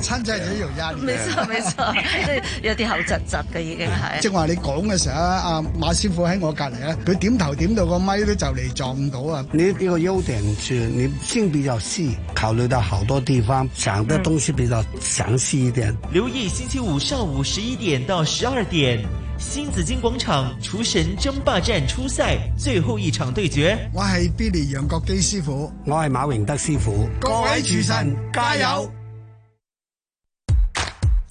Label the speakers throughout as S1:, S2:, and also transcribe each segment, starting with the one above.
S1: 親仔仔有壓，冇錯冇錯，即係有啲口窒窒嘅已經係。正話
S2: 你講嘅時候咧，阿、啊、馬師傅喺我隔籬咧，佢點頭點到個咪都就嚟撞到
S3: 啊！你呢個優點住，你心比較細，考慮到好多地方，想嘅東
S4: 西比較詳細一點。嗯、
S5: 留意星期五上午十一點到十二點，新紫荊廣場廚神爭霸戰初賽最後一場對決。我
S2: 係
S6: Billy 楊國基師傅，我係馬榮德師傅，
S2: 各位廚神
S6: 加油！加油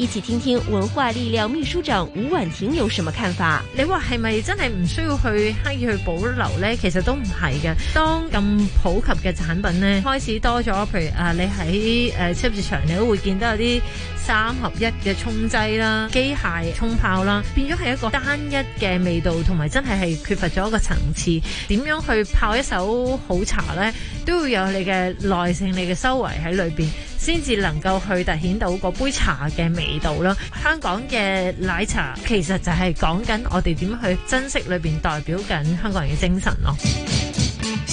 S7: 一起聽聽文化力量秘書長吳婉婷有什麼看法？你話係咪真係唔需要去刻意去保
S1: 留咧？其實都唔係嘅。當咁普及嘅產品咧，開始多咗，譬如啊，你喺誒超市場，你都會見到有啲。三合一嘅沖劑啦，機械沖泡啦，變咗係一個單一嘅味道，同埋真係係缺乏咗一個層次。點樣去泡一手好茶呢？都要有你嘅耐性、你嘅修為喺裏邊，先至能夠去突顯到嗰杯茶嘅味道啦。香港嘅奶茶其實就係講緊我哋點樣去珍惜裏邊代表緊香港人嘅精神咯。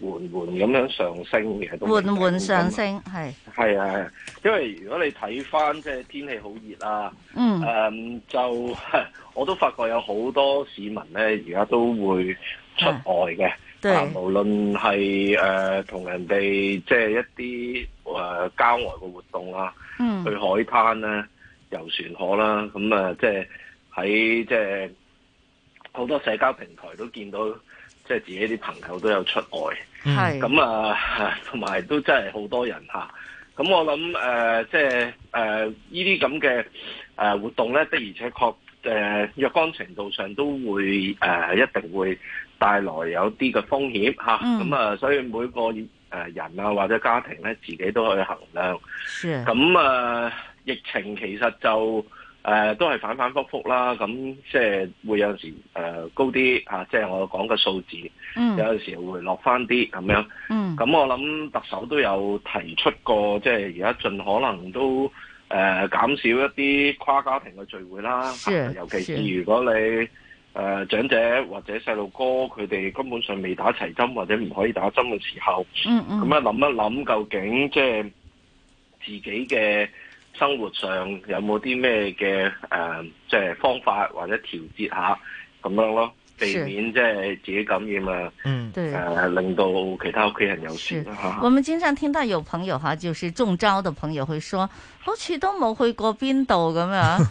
S6: 緩緩咁樣上
S1: 升嘅，緩緩上升係。係啊，
S6: 因為如果你睇翻即係天氣好熱啊，嗯，誒、嗯、就我都發覺有好多市民咧，而家都會出外嘅、啊，無論係誒同人哋即係一啲誒、呃、郊外嘅活動啦、啊，嗯，去海灘啦，遊船河啦，咁、嗯、啊，即係喺即係好多社交平台都見到，即係自己啲朋友都有出外。係、嗯，咁啊，同埋都真係好多人吓，咁、啊、我諗誒，即係誒，呢啲咁嘅誒活動咧，的而且確誒，若干程度上都會誒、啊，一定會帶來有啲嘅風險吓，咁啊、嗯、啊，所以每個誒人啊或者家庭咧，自己都去衡量。
S8: 係。咁啊，
S6: 疫情其實就。誒、呃，都係反反覆覆啦，咁即係會有時誒、呃、高啲，即係我講嘅數字，嗯、有陣時會落翻啲咁樣。咁、嗯、我諗特首都有提出過，即係而家盡可能都誒減、呃、少一啲跨家庭嘅聚會啦、啊，尤其是如果你誒、呃、長者或者細路哥佢哋根本上未打齊針或者唔可以打針嘅時候，咁啊諗一諗究竟即係、就是、自己嘅。生活上有冇啲咩嘅誒，即係方法或者調節下咁樣咯，避免即係自己感染啊，誒、呃、令到其他屋企人有事。哈哈，我
S1: 們經常聽到有朋友哈，就是中招的朋友會說，好似都冇去過邊度咁樣。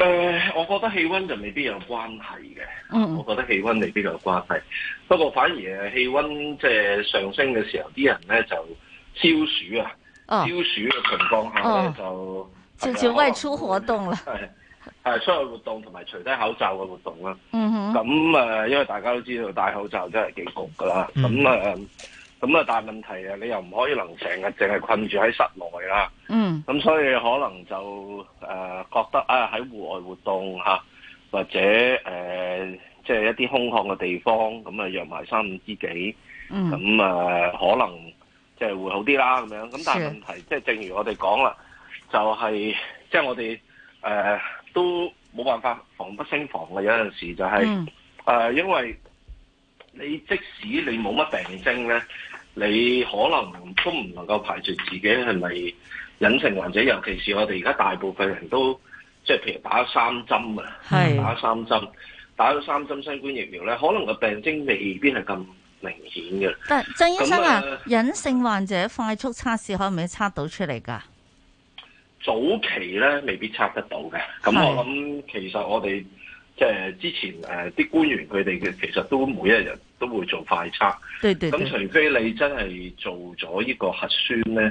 S6: 誒、呃，我覺得氣溫就未必有關係嘅。嗯，嗯，我覺得氣溫未必有關係。不過反而誒，氣溫即係上升嘅時候，啲人咧就消暑啊，消、哦、暑嘅情況下咧、哦、
S1: 就是是就就外出活動啦。
S6: 係，係出去活動同埋除低口罩嘅活動啦。嗯咁誒、呃，因為大家都知道戴口罩真係幾焗噶啦。咁、嗯、啊。咁啊，大問題啊！你又唔可以能成日淨係困住喺室內啦。嗯。咁所以可能就誒覺得啊，喺戶外活動吓，或者誒即係一啲空曠嘅地方，咁啊約埋三五知己。
S8: 咁、嗯、啊、呃，
S6: 可能即係會好啲啦，咁樣，咁但係問題，即係、就是、正如我哋講啦，就係即係我哋誒、呃、都冇辦法防不勝防嘅。有陣時就係、是、誒、嗯呃，因為你即使你冇乜病徵咧。你可能都唔能夠排除自己係咪隱性患者，尤其是我哋而家大部分人都即係，譬如打三針啊，係打三針，打三針，打咗三針新冠疫苗咧，可能個病徵未必係咁明顯嘅。
S1: 但係曾醫生啊，隱性患者快速測試可唔可以測到出嚟噶？
S6: 早期咧，未必測得到嘅。咁我諗，其實我哋。即、就、係、是、之前誒啲官員佢哋嘅其實都每一日都會做快測，咁對對對，除非你真係做咗呢個核酸咧，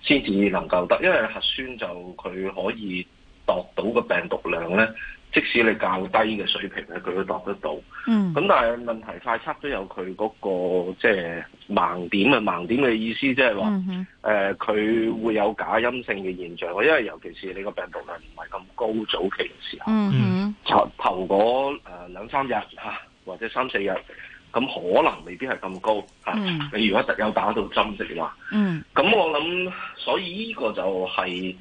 S6: 先、嗯、至能夠得，因為核酸就佢可以度到個病毒量咧。即使你較低嘅水平咧，佢都度得到。嗯，咁但係問題快測都有佢嗰、那個即係、就是、盲點啊！盲點嘅意思即係話，誒、嗯、佢、呃、會有假陰性嘅現象。因為尤其是你個病毒量唔係咁高，早期嘅時候，嗯嗯，頭頭嗰兩三日吓，或者三四日，咁可能未必係咁高吓、嗯啊。你如果特有打到針嘅話，嗯，咁我諗，所以呢個就係、是。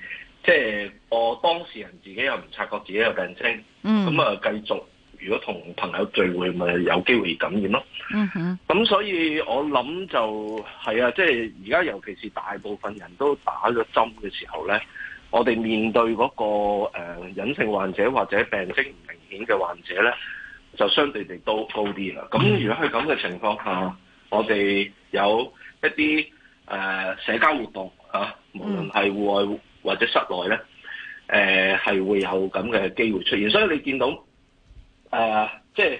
S6: 即係我當事人自己又唔察覺自己有病徵，咁、嗯、啊繼續如果同朋友聚會，咪有機會感染咯。咁、嗯、所以我諗就係啊，即係而家尤其是大部分人都打咗針嘅時候呢，我哋面對嗰、那個誒、呃、隱性患者或者病徵唔明顯嘅患者呢，就相對地都高啲啦。咁如果係咁嘅情況下，我哋有一啲誒、呃、社交活動啊，
S8: 無論係
S6: 戶外，嗯或者室內咧，誒、呃、係會有咁嘅機會出現，所以你見到誒、呃、即係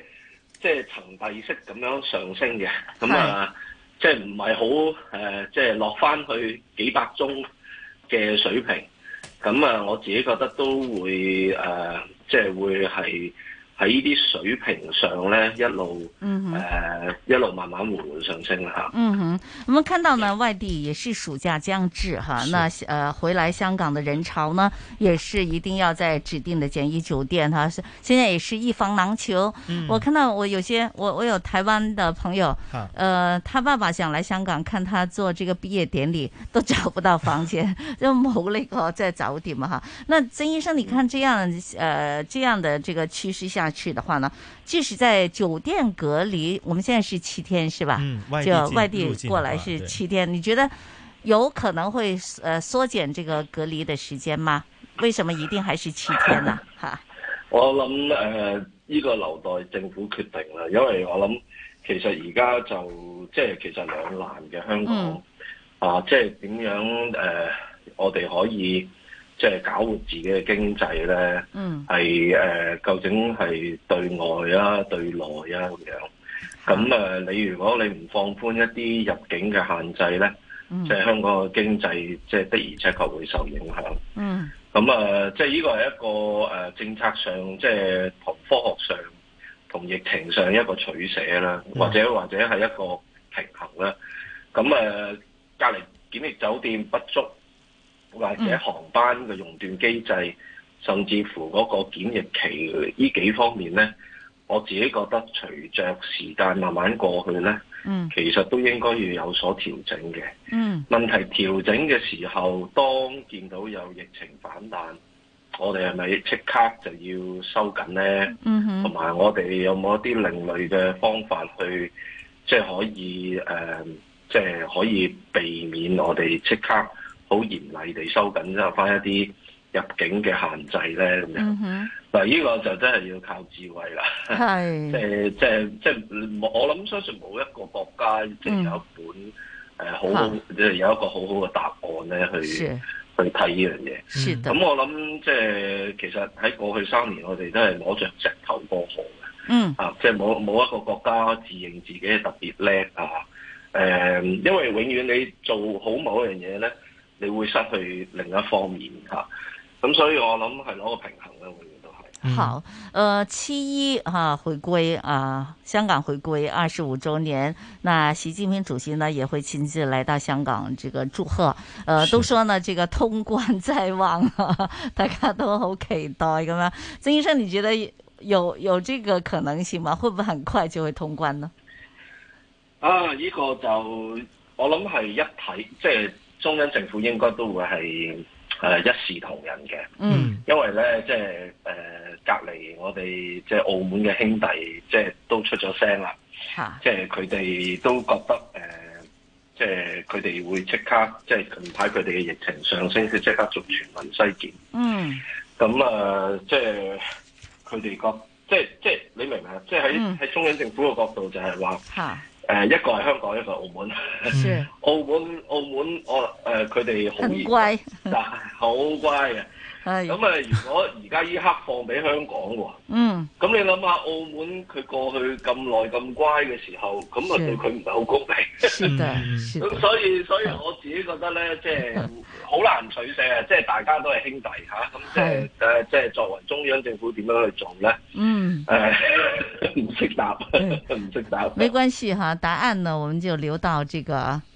S6: 即係層遞式咁樣上升嘅，咁啊即係唔係好誒，即係落翻去幾百宗嘅水平，咁啊我自己覺得都會誒、呃，即係會係。喺呢啲水平上呢，一路誒、嗯呃，一路慢慢緩緩上升啦嗯
S1: 哼，我們看到呢，外地也是暑假將至哈，那呃，回來香港的人潮呢，也是一定要在指定的簡易酒店哈。現在也是一房難求、嗯。我看到我有些我我有台灣的朋友、嗯，呃，他爸爸想來香港看他做這個畢業典禮，都找不到房間， 就謀了那個再找點嘛哈。那曾醫生，你看這樣呃，這樣的這個趨勢下下去的話呢，即使在酒店隔離，我們現在是七天是吧？嗯，就外地過來是七天。嗯、你覺得有可能會呃縮減這個隔離的時間嗎？為什麼一定還是七天呢？吓，
S6: 我諗誒，呢個留待政府決定啦。因為我諗其實而家就即係其實兩難嘅香港、嗯、啊，即係點樣誒、呃，我哋可以。即、就、係、是、搞活自己嘅經濟咧，係、嗯、誒、呃、究竟係對外啊、對內啊咁樣。咁誒、呃，你如果你唔放寬一啲入境嘅限制咧，
S8: 即、嗯、係、就是、香
S6: 港嘅經濟，即、就、係、是、的而且確會受影響。嗯。咁誒，即係呢個係一個政策上，即係同科學上、同疫情上一個取捨啦、嗯，或者或者係一個平衡啦。咁、呃、隔離檢疫酒店不足。或者航班嘅熔斷機制，甚至乎嗰個檢疫期呢幾方面呢，我自己覺得隨着時間慢慢過去呢，其實都應該要有所調整嘅。問題調整嘅時候，當見到有疫情反彈，我哋係咪即刻就要收緊呢？同埋我哋有冇一啲另類嘅方法去，即係可以，呃，即係可以避免我哋即刻，好嚴厲地收緊咗翻一啲入境嘅限制咧咁樣，嗱、嗯、呢個就真係要靠智慧啦，即係即係即係，我諗相信冇一個國家即係有本、嗯呃、好好，即係有一個好好嘅答案咧去去睇呢樣嘢。咁、嗯嗯、我諗即係其實喺過去三年，我哋都係攞著石頭過河嘅、嗯，啊，即係冇冇一個國家自認自己特別叻啊、嗯，因為永遠你做好某一樣嘢咧，你會失去另一方面吓，咁所以我諗係攞個平衡咧，我都
S1: 係好誒，七一啊、回歸啊，香港回歸二十五周年，那習近平主席呢也會親自來到香港，這個祝賀。誒、呃，都說呢，這個通關在望，大家都好期待咁樣。曾醫生，你覺得有有這個可能性嗎？會唔會很快就會通關呢？啊，呢、
S6: 這個就我諗係一體，即係。中英政府應該都會係誒一視同仁嘅、
S8: 嗯，
S6: 因為咧即係誒隔籬我哋即係澳門嘅兄弟，即係都出咗聲啦，即係佢哋都覺得誒，即係佢哋會即刻，即係近排佢哋嘅疫情上升，佢即刻做全民西檢，嗯，咁啊，即係佢哋覺得，即係即係你明唔明啊？即係喺喺中央政府嘅角度就係話。誒一個係香港，一個係澳門是。澳門，澳門，我誒佢哋好
S1: 乖，但係
S6: 好乖嘅。咁、哎、誒，如果而家依刻放俾香港喎，咁、嗯、你諗下澳門佢過去咁耐咁乖嘅時候，咁啊對佢唔係好公平。咁 所以所以我自己覺得咧，即係好難取捨啊！即 係大家都係兄弟吓，咁即係誒，即、啊、係、就是、作為中央政府點樣去做咧？嗯，誒，唔識答，唔
S1: 識 答，沒關係哈，答案呢，我們就留到這個。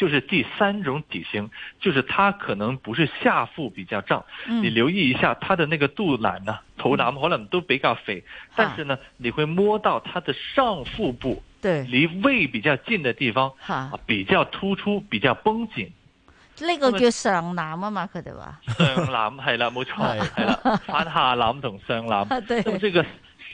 S4: 就是第三種體型，就是他可能不是下腹比較脹，嗯、你留意一下他的那個肚腩呢、頭腩可能都比較肥，嗯、但是呢，你會摸到他的上腹部，對，離胃比較近的地方，哈，比較突出，比較繃緊，
S1: 呢、這個叫上腩啊嘛，佢哋話
S4: 上腩係啦，冇錯係啦，分下腩同上腩，都唔知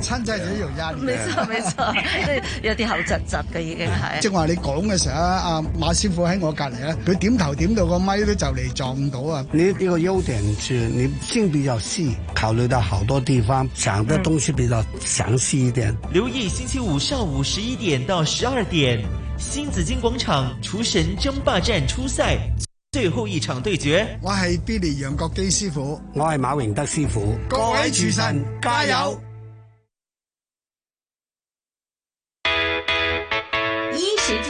S1: 親仔仔又一嘅，冇錯沒錯，即係 有啲口窒窒嘅已經係。正話
S2: 你講嘅時候咧，阿、啊、馬師傅喺我隔籬咧，佢點頭點到個咪都就嚟撞到啊！你呢個優點
S9: 就你心比較細，考慮到好多地方，想的東西比較詳
S4: 細一點。嗯、
S5: 留意星期五上午十一點到十二點，新紫荊廣場廚神爭霸戰初賽最後一場對決。
S6: 我係 Billy 楊國基師傅，我係馬榮德師傅，各位廚神
S10: 加油！加油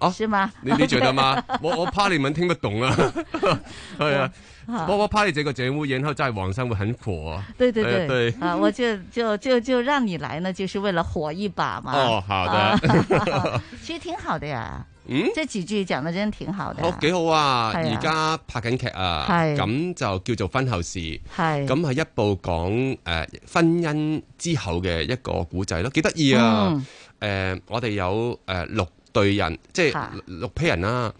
S2: 哦、啊，是嗎？你你覺得嗎？Okay. 我我怕你們聽不懂啊，係 啊，我、嗯、我怕你這個節目然後在網上會很火啊。對對對、哎、對啊，我就
S1: 就就就讓你來呢，就是為了火一把嘛。哦，好的，其、啊、實 挺好的呀。嗯，這幾句講得真係挺好的。哦
S2: 幾好啊，而家拍緊劇啊，咁、啊啊、就叫做婚後事，咁係一部講誒、呃、婚姻之後嘅一個古仔咯，幾得意啊。誒、嗯呃，我哋有誒、呃、六。對人即係六 pair 人啦，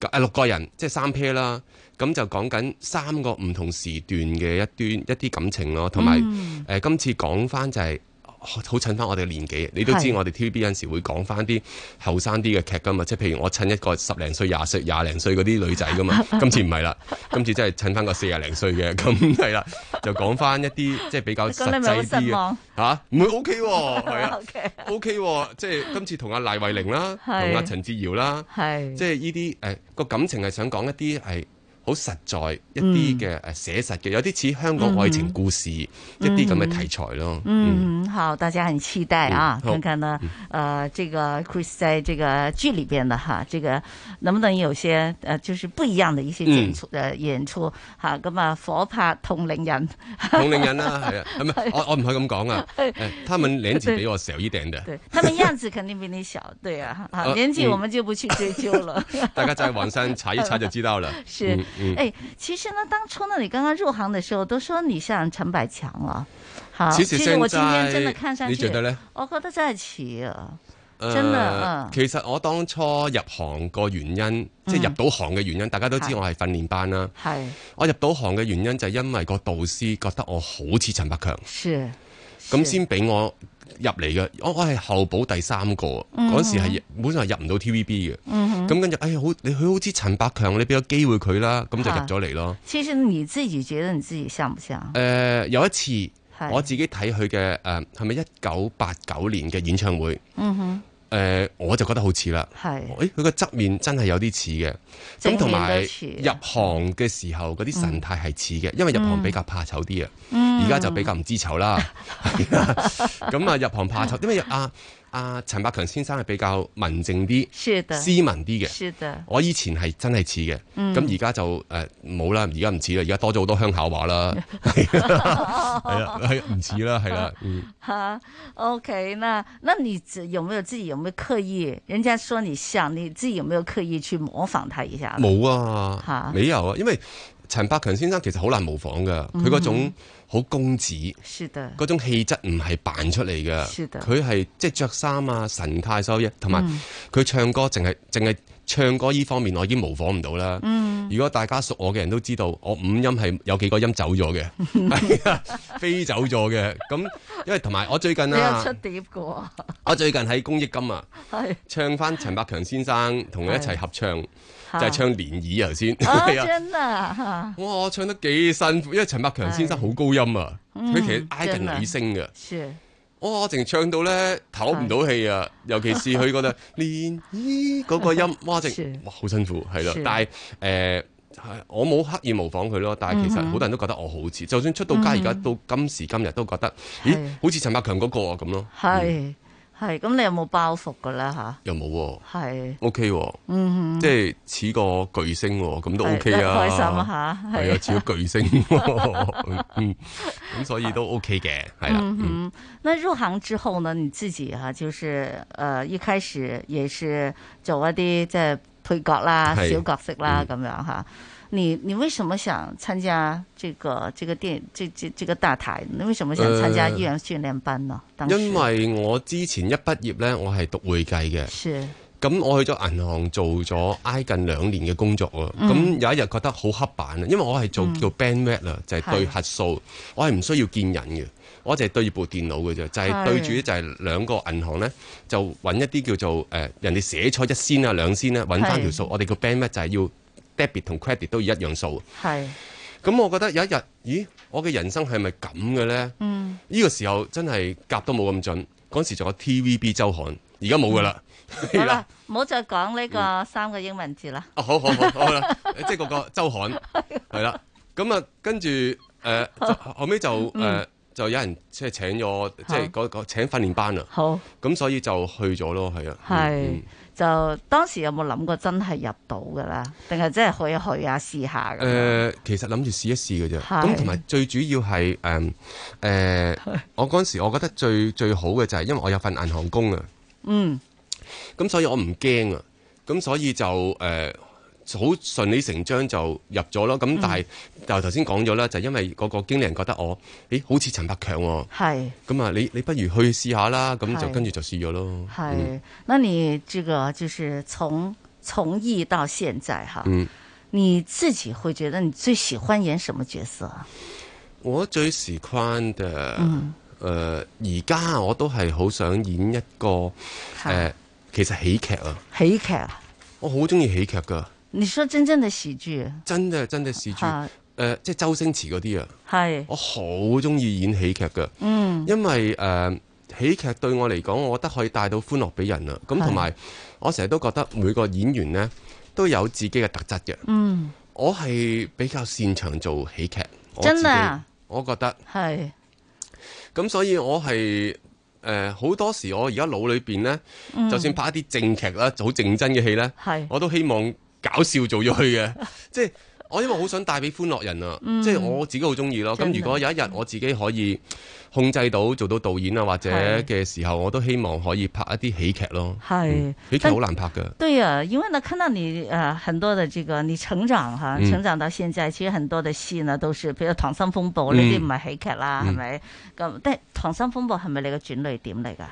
S2: 誒六個人即係三 pair 啦，咁就講緊三個唔同時段嘅一段一啲感情咯，同埋誒今次講返就係、是。好襯翻我哋嘅年紀，你都知我哋 TVB 有陣時會講翻啲後生啲嘅劇噶嘛，即係譬如我襯一個十零歲、廿歲、廿零歲嗰啲女仔噶嘛， 今次唔係啦，今次真係襯翻個四廿零歲嘅，咁係啦，就講翻一啲即係比較實際啲嘅吓，唔會 OK 喎、啊，係啊 ，OK 啊即係今次同阿賴慧玲啦、啊，同阿陳自瑤啦、
S1: 啊，即係
S2: 呢啲誒個感情係想講一啲係。好實在一啲嘅誒寫實嘅、嗯，有啲似香港愛情故事、嗯、一啲咁嘅題材咯、嗯。
S1: 嗯，好，大家很期待啊！嗯、看看呢，誒、嗯呃，這個 Chris 在這個劇裏邊的哈，這個能不能有些、呃、就是不一樣的一些演出，誒、嗯，演出嚇咁啊，火拍同齡人，同齡人啦，係啊，是不是 我我唔
S2: 可以咁講啊，佢、 哎、們年紀比我小一點的 對
S1: 佢們樣子肯定比你小，對啊，啊，年紀我們就不去追究了。 大家
S2: 在網上查一查就知道了。 是。嗯誒、嗯欸，
S1: 其實呢，當初呢，你剛剛入行的時候，都說你像陳百強啊。好，其實我今天真的看上去，你覺得呢？我覺得真係似啊，呃，真的，嗯，其
S2: 實我當初入行個原因，即係入到行嘅原因，嗯，大家都知我係訓練班啦。係，我入到行嘅原因就係因為個導師覺得我好似陳百強，是，咁先俾我。入嚟嘅，我我係候補第三個，嗰、嗯、時係本身入唔到 TVB 嘅，咁跟住，哎呀好，你佢好似陳百強，你俾個機會佢啦，咁就入咗嚟咯。
S1: 其實你自己覺得你自己像唔像？
S2: 誒、呃，有一次我自己睇佢嘅，誒、係咪一九八九年嘅演唱會？
S1: 嗯哼。
S2: 誒、呃、我就覺得好似啦，誒佢個側面真係有啲似嘅，
S8: 咁同埋
S2: 入行嘅時候嗰啲神態係似嘅，嗯、因為入行比較怕醜啲啊，而家、嗯、就比較唔知醜啦，咁啊、嗯、 入行怕醜，點解啊？啊，陳百強先生係比較文靜啲，是的斯文啲嘅。是我以前係真係似嘅，咁而家就誒冇啦，而家唔似啦，而家多咗好多鄉下話啦，係 啊， 係唔似啦，係啦。
S1: 吓 OK 啦，那你有冇有自己有冇刻意？人家說你像你自己有冇有刻意去模仿他一下？冇
S2: 啊，冇有啊，因為陳百強先生其實好難模仿㗎，佢嗰種。嗯哼嗯哼好公子，嗰種氣質唔係扮出嚟㗎，佢係即係着衫啊、神態、收益，同埋佢唱歌淨係淨係。嗯只是唱歌依方面我已經模仿唔到啦。如果大家熟我嘅人都知道，我五音係有幾個音走咗嘅，係、嗯、啊 飛走咗嘅。咁因為同埋我最近啦、啊，有出
S1: 碟嘅
S2: 我最近喺公益金啊，唱翻陳百強先生同佢一齊合唱，是就係、是、唱《漣漪》啊。頭先、啊。真
S1: 啊！哇 、
S2: 哦，我唱得幾辛苦，因為陳百強先生好高音啊，佢、嗯、其實挨近女聲嘅。哇淨、哦、唱到咧唞唔到氣啊，是的 尤其是佢覺得練咿嗰個音，哇淨好 辛苦係咯， 但係誒、呃、我冇刻意模仿佢咯，但係其實好多人都覺得我好似，嗯嗯就算出到街而家、嗯、到今時今日都覺得咦，咦好似陳百強嗰個咁咯。嗯
S1: 是的 嗯係咁，你有冇包袱噶啦？吓
S2: 又冇，係 O K，嗯，即係似個巨星咁、啊、都 O、okay、K 啊，開心啊吓，係似、啊、個巨星、啊，咁、 嗯、所以都 O K 嘅，係、啊、啦、啊。
S1: 嗯哼，那入行之後呢？你自己哈、啊，就是誒、呃，一開始也是做一啲即係配角啦、小角色啦咁、嗯、樣吓、啊。你你為什麼想參加這個這個電這這個、這個大台？你為什麼想參加藝員訓練班呢、呃？因為
S2: 我之前一畢業咧，我係讀會計嘅，咁我去咗銀行做咗挨近兩年嘅工作啊。咁、嗯、有一日覺得好刻板啊，因為我係做叫 banker 啊、嗯，就係、是、對核數，我係唔需要見人嘅，我就係對住部電腦嘅啫，就係、是、對住就係兩個銀行咧，就揾一啲叫做誒、呃、人哋寫錯一仙啊兩仙咧，揾翻條數，我哋個 banker 就係要。debit 同 credit 都一樣數，係。咁、嗯、我覺得有一日，咦，我嘅人生係咪咁嘅咧？嗯，呢、這個時候真係夾都冇咁準。嗰時仲有 TVB 周刊，而家冇噶啦。好啦，
S1: 唔好再講呢個三個英文字啦。哦、嗯啊，好好好
S2: 好啦，即係個個周刊。係 啦。咁啊、嗯，跟住誒，呃、後尾就誒、呃，就有人即係請咗，即係嗰個請訓練班啊。好。咁、嗯、所以就去咗咯，係啊。係。嗯嗯。
S1: 就當時有冇諗過真係入到㗎喇，定係真係可以去，去、啊、試下試下？
S2: 誒、呃，其實諗住試一試嘅啫。咁同埋最主要係誒誒，呃、是我嗰陣時我覺得最最好嘅就係，因為我有份銀行工啊。嗯。咁所以我唔驚啊。咁所以就誒。呃好順理成章就入咗咯，咁但係就頭先講咗啦，就因為嗰個經理人覺得我，咦、欸、好似陳百強喎，咁啊你你不如去試一下啦，咁就跟住就試咗咯。係、嗯，
S1: 那你這個就是從從藝到現在哈、嗯，你自己會覺得你最喜歡演什麼角色？
S2: 我最喜歡的，誒而家我都係好想演一個誒、呃，其實喜劇啊，
S1: 喜劇、啊，
S2: 我好中意喜劇噶。
S1: 你說真正的喜劇，真嘅真嘅喜劇，
S2: 即係周星馳嗰啲啊，係，我好中意演喜劇嘅，嗯，因為誒、呃、喜劇對我嚟講，我覺得可以帶到歡樂俾人啊。咁同埋我成日都覺得每個演員呢都有自己嘅特質嘅，嗯，我係比較擅長做喜劇，真嘅，我覺得係，咁所以我係好、呃、多時我而家腦裏邊呢、嗯，就算拍一啲正劇啦，好正真嘅戲呢，我都希望。搞笑做咗去嘅， 即係我因為好想帶俾歡樂人啊、嗯，即係我自己好中意咯。咁如果有一日我自己可以控制到做到導演啊，或者嘅時候，我都希望可以拍一啲喜劇咯。係、嗯、喜劇好難拍噶。
S1: 對啊，因為我看到你誒、呃，很多嘅呢、這個你成長吓，成長到現在，嗯、其實很多嘅戲呢，都是譬如《溏心風暴》呢啲唔係喜劇啦，係、嗯、咪？咁但《溏心風暴》係咪你嘅轉捩點嚟噶？
S2: 誒、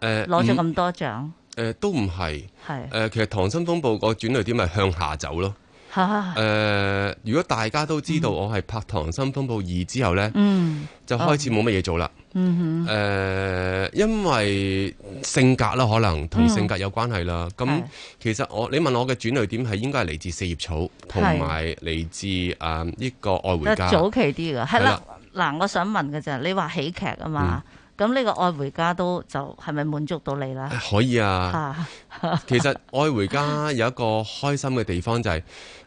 S2: 呃，攞咗咁多獎。嗯誒、呃、都唔係，誒、呃、其實《溏心風暴》個轉類點咪向下走咯。誒、呃、如果大家都知道我係拍《溏心風暴二》之後呢，嗯、就開始冇乜嘢做啦。誒、嗯哼呃、因為性格啦，可能同性格有關係啦。咁其實我你問我嘅轉類點係應該係嚟自四葉草同埋嚟自誒呢是、嗯呢個愛回家早期
S1: 啲㗎。係啦，嗱、嗯，我想問嘅就係你話喜劇啊嘛。嗯咁呢個愛回家都就係、是、咪滿足到你啦？
S2: 可以啊，啊 其實愛回家有一個開心嘅地方就係、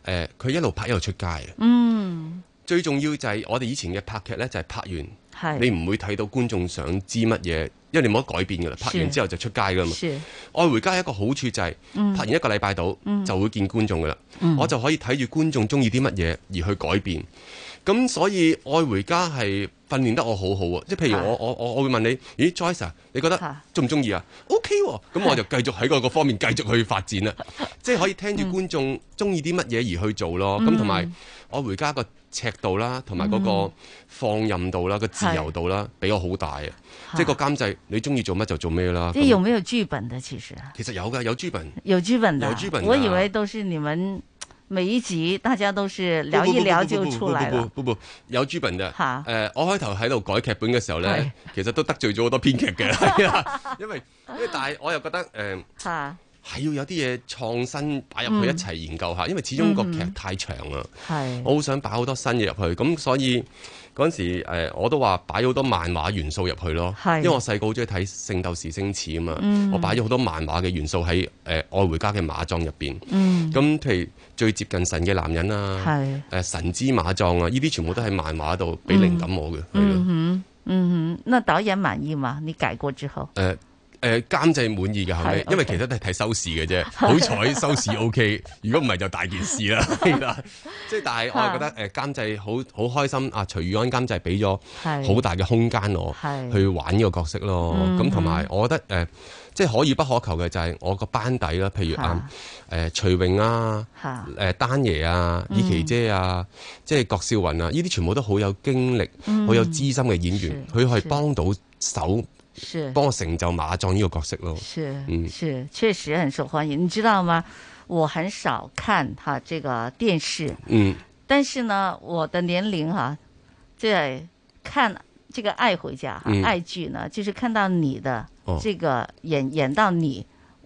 S2: 是，佢、呃、一路拍一路出街嗯，最重要就係我哋以前嘅拍劇呢，就係拍完，是你唔會睇到觀眾想知乜嘢，因為你冇得改變㗎喇。拍完之後就出街㗎是嘛。愛回家有一個好處就係、是，拍完一個禮拜到就會見觀眾㗎喇，嗯、我就可以睇住觀眾鍾意啲乜嘢而去改變。咁、嗯、所以愛回家係訓練得我好好啊。即係譬如我、啊、我我我會問你，咦 Joyce、啊、你覺得中唔中意啊，啊
S3: ？OK 喎、啊，咁、嗯
S9: 嗯、我
S2: 就繼續喺嗰個方面繼續去發展啦、啊，即係可以聽住觀眾中意啲乜嘢而去做咯。咁同埋愛回家個尺度啦，同埋嗰個放任度啦，個、嗯、自由度啦，啊、比我好大啊。啊即係個監製，你中意做乜就做咩啦。即係
S1: 有冇劇本的其實、
S2: 啊？其實有㗎，有劇本。
S1: 有劇本的。有劇本。我以為都是你們。每一集大家都是聊一聊就出來了。
S2: 布有主持人嘅。嚇、啊！誒、呃，我開頭喺度改劇本嘅時候呢，其實都得罪咗好多編劇嘅。 因為但係我又覺得誒係、呃啊、要有啲嘢創新擺入去一齊研究下，因為始終個劇太長啦。係、嗯嗯，我好想擺好多新嘢入去，咁所以。嗰陣時、呃，我都話擺咗好多漫畫元素入去咯，因為我細個好中意睇《聖鬥士星矢》啊嘛、mm，hmm. 我擺咗好多漫畫嘅元素喺誒、呃、愛回家嘅馬壯入邊。咁譬、mm hmm. 如最接近神嘅男人啊，誒、mm hmm. 呃、神之馬壯啊，呢啲全部都喺漫畫度俾靈感我嘅。嗯
S1: 哼，嗯哼，那導演滿意嘛？你改過之後？
S2: 誒、呃。誒、呃，監製滿意嘅係咪？Okay. 因為其實都係睇收視嘅啫，好彩收視 O K。如果唔係就大件事啦。即 係 但係我係覺得誒，監製好好開心。啊，徐宇安監製俾咗好大嘅空間我去玩呢個角色咯。咁同埋我覺得誒、即、呃、係、就是、可遇不可求嘅就係我個班底啦。譬如啊，誒、呃、徐榮啊，誒、呃、丹爺啊，以琪姐啊，即係郭少雲啊，呢啲全部都好有經歷、好、嗯、有資深嘅演員，佢係幫到手。是，幫我成就馬壯這個角色咯，是，嗯，
S1: 是，確實很受歡迎。你知道嗎？我很少看哈，這個電視，嗯，但是呢，我的年齡哈、啊，在看這個《愛回家、嗯》愛劇呢，就是看到你的，哦，這個演演到你。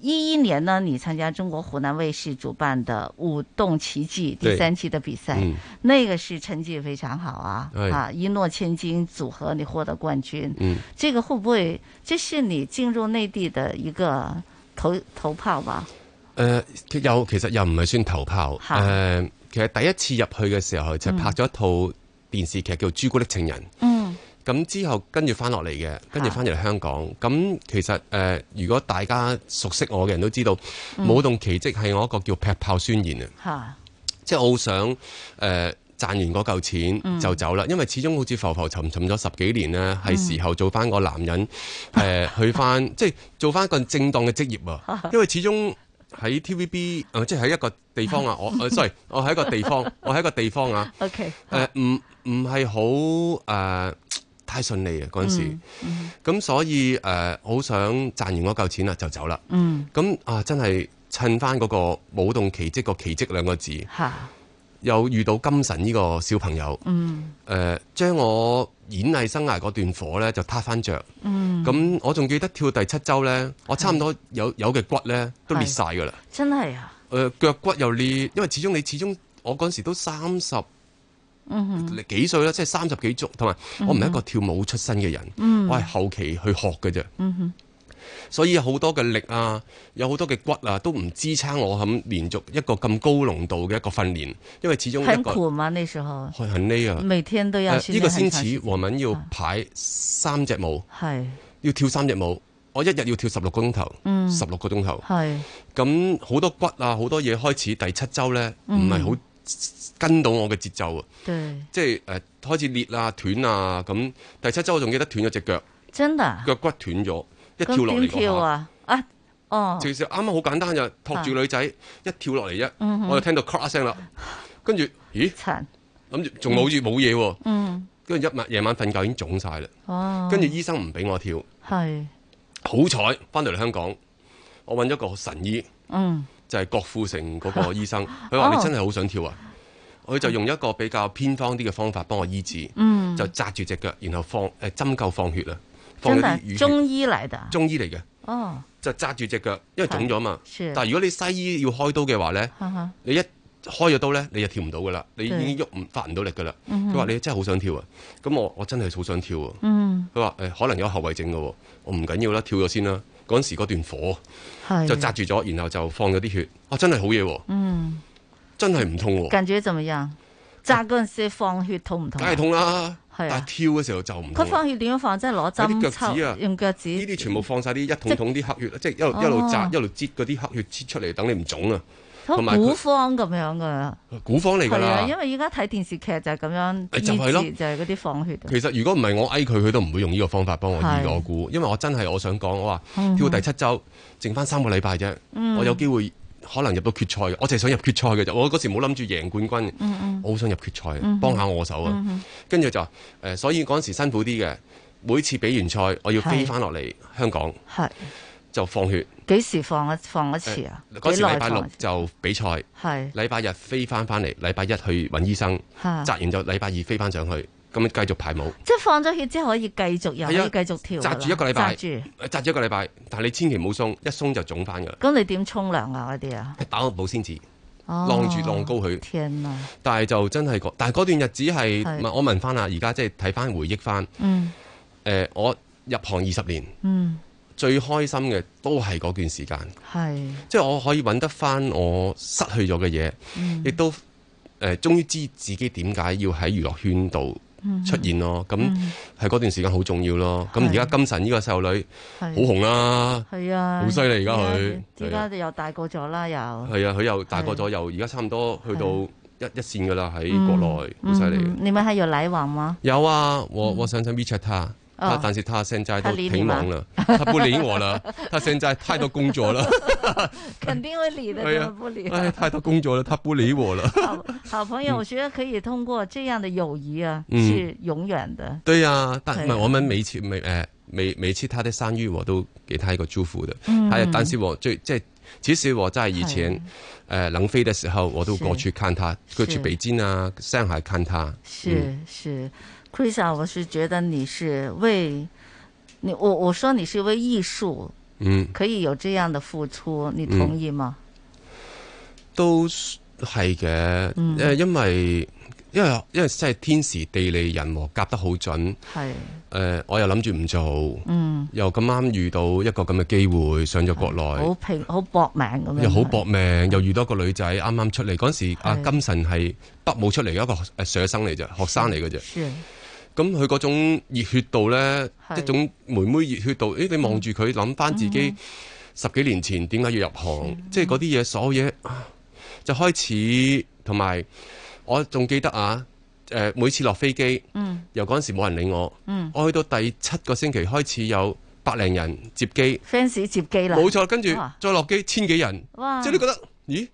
S1: 一一年呢，你參加中國湖南衛視主辦的《舞動奇蹟》第三期的比賽、嗯，那個是成績非常好啊！啊，一諾千金組合，你獲得冠軍。嗯，這個會不會？這是你進入內地的一個頭頭炮吧？
S2: 有、呃，其實又唔係算頭炮、呃。其實第一次入去嘅時候、嗯、就拍咗一套電視劇叫《朱古力情人》。嗯咁之後跟住翻落嚟嘅，跟住翻入嚟香港。咁、啊、其實、呃、如果大家熟悉我嘅人都知道，舞、嗯、動奇蹟係我一個叫劈炮宣言啊！嚇，即係我好想誒賺、呃、完嗰嚿錢就走啦、嗯，因為始終好似浮浮沉沉咗十幾年呢，係、嗯、時候做翻個男人、呃、去翻 即係做翻一個正當嘅職業啊！因為始終喺 TVB、呃、即係喺一個地方啊，我誒，sorry，我喺一個地方， 我喺、呃、一個地方啊。OK，唔唔係好太順利啊！嗰陣時，咁、嗯嗯、所以誒，好、呃、想賺完嗰嚿錢啦就走啦。咁、嗯、啊，真係趁翻嗰個舞動奇蹟個奇蹟兩個字，又遇到金神呢個小朋友，誒、嗯呃，將我演藝生涯嗰段火咧就撻翻著。咁、嗯、我仲記得跳第七周咧，我差唔多有、嗯、有嘅骨咧都裂晒㗎啦。真係啊！誒、呃、腳骨又裂，因為始終你始終我嗰陣時都三十。嗯，幾歲啦？即係三十幾歲，同埋我唔係一個跳舞出身嘅人，我係後期去學嘅啫。所以好多嘅力啊，有好多嘅骨啊，都唔支撐我咁連續一個咁高濃度嘅一個訓練，因為始終很苦
S1: 嘛，那時候，很
S2: 累啊，每天都有。呢個星期黃敏要排三隻舞，係要跳三隻舞，我一日要跳十六個鐘頭，十六個鐘頭係。咁好多骨啊，好多嘢開始第七周呢，唔係好。跟到我嘅節奏啊！即係誒、呃、開始裂啊、斷啊咁、嗯。第七周我仲記得斷咗隻腳，
S1: 真㗎，
S2: 腳骨斷咗，一跳落嚟講
S1: 嚇啊！哦，其
S2: 實啱啱好簡單就托住個女仔一跳落嚟啫，我就聽到咔一聲啦。跟住咦？諗住仲冇住冇嘢喎。跟住、嗯、一晚夜晚瞓覺已經腫晒啦。跟、嗯、住醫生唔俾我跳，係、哦、好彩翻到嚟香港，我揾咗個神醫，嗯、就係、是、郭富城嗰個醫生，佢話、哦、你真係好想跳啊！佢就用一個比較偏方啲嘅方法幫我醫治，嗯、就紮住隻腳，然後放誒針、欸、灸放血啦，
S1: 放啲淤血中醫嚟噶，中醫嚟嘅。
S2: 哦，就紮住隻腳，因為腫咗嘛。但係如果你西醫要開刀嘅話咧、嗯，你一開咗刀咧，你就跳唔到噶啦，你已經喐唔發唔到力噶啦。佢話你真係好想跳啊，咁我我真係好想跳。嗯，佢話誒可能有後遺症噶，我唔緊要啦，跳咗先啦。嗰時嗰段火就紮住咗，然後就放咗啲血，哇、啊、真係好嘢、啊。嗯。真係唔痛喎！跟
S1: 住做乜嘢啊？覺扎嗰陣時放血痛唔痛？梗係痛啦！
S2: 係啊，啊啊跳嘅時候就唔痛、啊。佢、啊、放
S1: 血點樣放？即係攞針啊？用腳趾。呢啲全
S2: 部放晒啲一桶桶啲黑血，即係一路、哦、一路扎，一路擠嗰啲黑血擠出嚟，等你唔腫啊！同埋古
S1: 方咁樣噶，古方嚟㗎啦。係啊，因為依家睇電視劇就係咁樣。就係咯，就係、是、啲、就是、放血、啊。其實
S2: 如果唔係我哀佢，佢都唔會用呢個方法幫我醫我估，因為我真係我想講，我話跳第七周、嗯，剩翻三個禮拜啫，我有機會。可能入到決賽，我淨係想入決賽嘅咋，我嗰時冇諗住贏冠軍，我好想入決賽，幫下我手啊！嗯、哼跟住就誒、呃，所以嗰時辛苦啲嘅，每次比完賽我要飛翻落嚟香港，是就放血。
S1: 幾時放一放一次啊？嗰個、呃、禮拜六
S2: 就比賽，禮拜日飛翻翻嚟，禮拜一去揾醫生，扎是完就禮拜二飛翻上去。咁咪繼續排舞，
S1: 即係放咗血之後可以繼續有，可以繼續跳了。紮住一個禮拜，紮
S2: 住紮住一個禮拜，但係你千祈唔好鬆，一鬆就腫翻噶啦。
S1: 咁你點沖涼啊？嗰啲啊，
S2: 打個保鮮紙，
S1: 晾住晾
S2: 高佢。天啊！但係就真係，但係嗰段日子係，我問翻喇，而家即係睇翻回憶翻。嗯、呃。我入行二十年，嗯，最開心嘅都係嗰段時間。
S8: 係。
S2: 即係我可以揾得翻我失去咗嘅嘢，嗯，亦都誒終於知道自己點解要喺娛樂圈度。出現咯，咁係嗰段時間好重要咯。咁而家金晨呢個細路女
S1: 好紅啦，係啊，好犀利而家佢。而家又大個咗啦，又係
S2: 啊，佢又大個咗，又而家差唔多去到一一線噶啦，喺國內好犀利。
S1: 你咪喺玉禮云嘛？
S2: 有啊，我我想想 WeChat 佢。但是他現在都挺忙了，哦他，他不理我了。 他現在太多工作了，
S1: 肯定會理的，唔理，啊 哎呀。哎，
S2: 太多工作了他不理我
S1: 了， 好好朋友，我覺得可以通過這樣的友誼啊，嗯，是永遠的。
S2: 對啊，但我們每次每誒每每次他的生日我都給他一個祝福的。嗯，還有，但是我最即即使我在以前誒能飛的時候，我都過去看他，過去北京啊，上海看他。是、嗯、
S1: 是。是。Chris，我是覺得你是為你我我說你是為藝術，嗯，可以有這樣的付出，你同意嗎？嗯、
S2: 都係嘅、嗯，因為因為因為真係天時地利人和夾得好準，係誒、呃，我又諗住唔做，嗯，又咁啱遇到一個咁嘅機會，上咗國內，
S1: 好拼好搏命咁樣，又好搏
S2: 命，又遇到一個女仔啱啱出嚟嗰陣時，阿、啊、金晨係北舞出嚟一個誒學生嚟啫，學生嚟嘅啫。咁佢嗰種熱血度呢，一種妹妹熱血度，誒？你望住佢諗翻自己十幾年前點解要入行，即係嗰啲嘢，所有嘢就開始。同埋我仲記得啊，誒、呃，每次落飛機，
S1: 嗯、
S2: 又嗰陣時冇人理我，嗯、我去到第七個星期開始有百零人接機
S1: ，fans 接機啦，冇錯，跟住
S2: 再落機、哦、千幾人，即係你覺得，咦？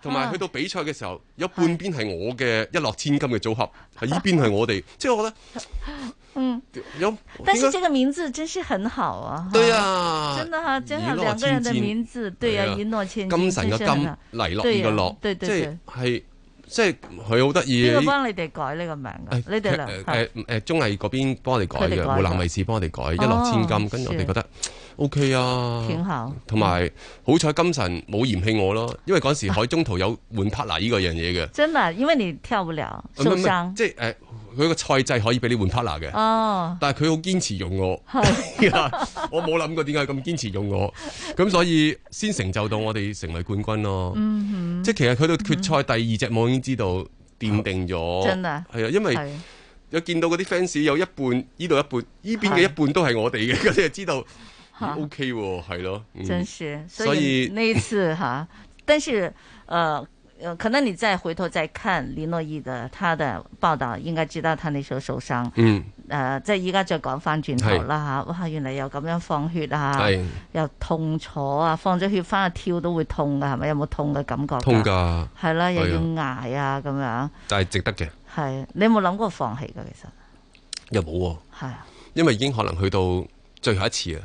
S2: 同埋去到比賽嘅時候、啊，有半邊係我嘅一諾千金嘅組合，係、啊、依邊係我哋，即、啊、係、就是、我覺得，嗯，有。但係呢
S1: 個名字真是很好啊！對啊，啊，真的兩、啊、個人嘅名字、啊，對啊，一諾千金。啊、金神嘅金，泥落邊嘅落，即係
S2: 係即係係好得意。邊、啊啊啊就是這
S1: 個幫你哋改呢個名㗎、哎？你哋
S2: 兩誒誒誒，綜、呃呃呃呃呃、藝嗰邊幫我哋改嘅，湖南衞視幫我哋改、啊、一諾千金，跟住我哋覺得。是 O、okay、K 啊，同埋好彩今晨冇嫌棄我咯，因為嗰時海中途有換 partner 呢個樣嘢嘅。
S1: 真啊，因為你跳唔到，唔唔、嗯嗯嗯嗯，
S2: 即係誒，佢個賽制可以俾你換 partner 嘅。哦，但係佢好堅持用我， 我冇諗過點解咁堅持用我，咁所以先成就到我哋成為冠軍咯。嗯、即係其實佢到決賽第二隻我已經知道奠、嗯、定咗，真啊，係啊，因為有見到嗰啲 fans 有一半呢度一半呢邊嘅一半都係我哋嘅，咁你就 知道。O K，係咯，真是所以呢一
S1: 次哈， 但是誒、呃、可能你再回頭再看黎諾懿的他的報道，應該知道他你所受傷嗯誒，即係依家再講翻轉頭啦吓，哇，原嚟又咁樣放血啊，係又痛楚啊，放咗血翻去跳都會痛噶，係咪有冇痛嘅感覺？痛噶
S2: 係啦，又要
S1: 挨啊，咁、啊啊、樣但
S2: 係、就是、值得嘅
S1: 係，你有冇諗過放棄噶？其實
S2: 又冇係、啊，因為已經可能去到最後一次啊。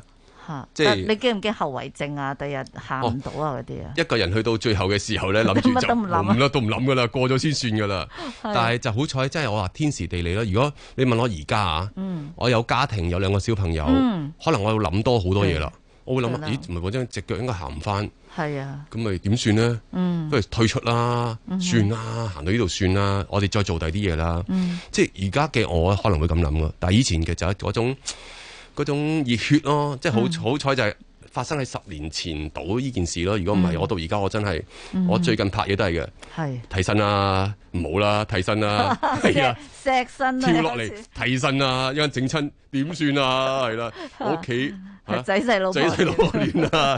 S1: 即係你驚唔驚後遺症啊？第日行唔到啊？嗰啲啊，一
S2: 個人去到最後嘅時候咧，諗住就唔諗啦，都唔諗噶啦，過咗先算噶啦。
S1: 但係就
S2: 好彩，真係我話天時地利啦。如果你問我而家啊，我有家庭有兩個小朋友，可能我要諗多好多嘢啦。我會諗咦，唔係我張隻腳應該行唔翻？
S1: 係
S2: 啊，咁咪點算呢？不如退出啦，算啦，行到呢度算啦，我哋再做第啲嘢啦。即係而家嘅我可能會咁諗噶，但係以前嘅就係嗰種。嗰種熱血咯，即係好好彩就係發生喺十年前度呢件事咯。如果唔係，我到而家我真係我最近拍嘢都係嘅，替身啦，唔好啦，替身啦，係啊，
S1: 錫身跳落嚟
S2: 替身啊，一陣整親點算啊？係啦，屋企仔細老婆仔細老婆嫩啊！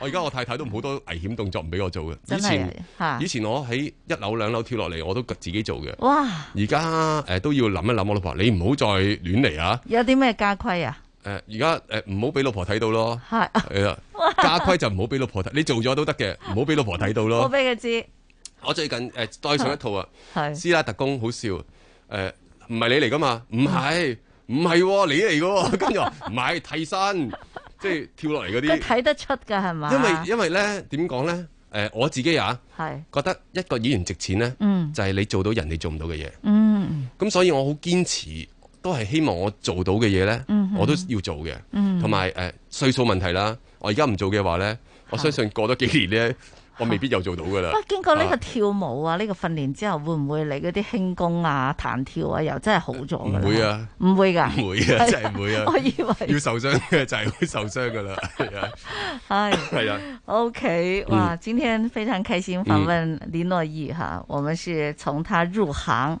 S2: 我而家我太太都唔好多危險動作唔俾我做嘅。以前以前我喺一樓兩樓跳落嚟我都自己做嘅。哇！而家誒都要諗一諗，我老婆你唔好再亂嚟啊！
S1: 有啲咩家規啊？
S2: 誒、呃，而家誒，唔好俾老婆睇到咯。係、啊，係啊。家規就唔好俾老婆睇。你做咗都得嘅，唔好俾老婆睇到咯。我俾佢知。我最近誒，帶、呃、上一套啊，斯拉特工，好笑。誒、呃，唔係你嚟噶嘛？唔係，唔係、啊、你嚟嘅。跟住話唔係替身，即 係跳落嚟嗰啲。睇
S1: 得出嘅係嘛？因為
S2: 因為咧，點講咧？誒、呃，我自己啊，係覺得一個演員值錢咧、嗯，就係、是、你做到人哋做唔到嘅嘢。嗯。咁所以我好堅持。都係希望我做到嘅嘢咧，我都要做嘅，同埋誒歲數問題啦。我而家唔做嘅話咧、嗯，我相信過咗幾年咧、嗯，我未必又做到噶啦。嗯、經過呢個
S1: 跳舞啊，呢、這個訓練之後，啊、會唔會你嗰啲輕功啊、彈跳啊，又真係好咗？唔、呃、會
S2: 啊，唔會噶、啊，唔會，會啊，真係唔會啊。 我以為要受傷嘅就係會受傷噶啦。係係
S1: 啊，OK，哇，今天非常開心，訪問黎諾懿哈，我們是從他入行。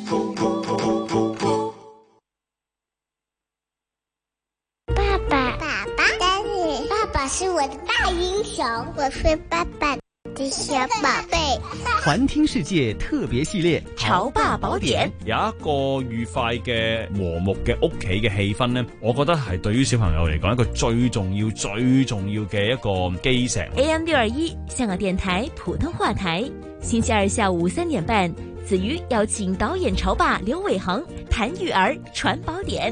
S7: 我是我的大英雄，我是爸爸的小
S2: 寶貝。環
S3: 聽世界特別系列
S7: 《潮爸寶典》寶典，
S2: 有一個愉快嘅、和睦嘅屋企嘅氣氛呢，我覺得係對於小朋友嚟講一個最重要、最重要嘅一個基石。
S7: AM 六二一香港電台普通話台，星期二下午三點半，梓瑜邀請導演潮爸劉偉恒談育兒傳寶典。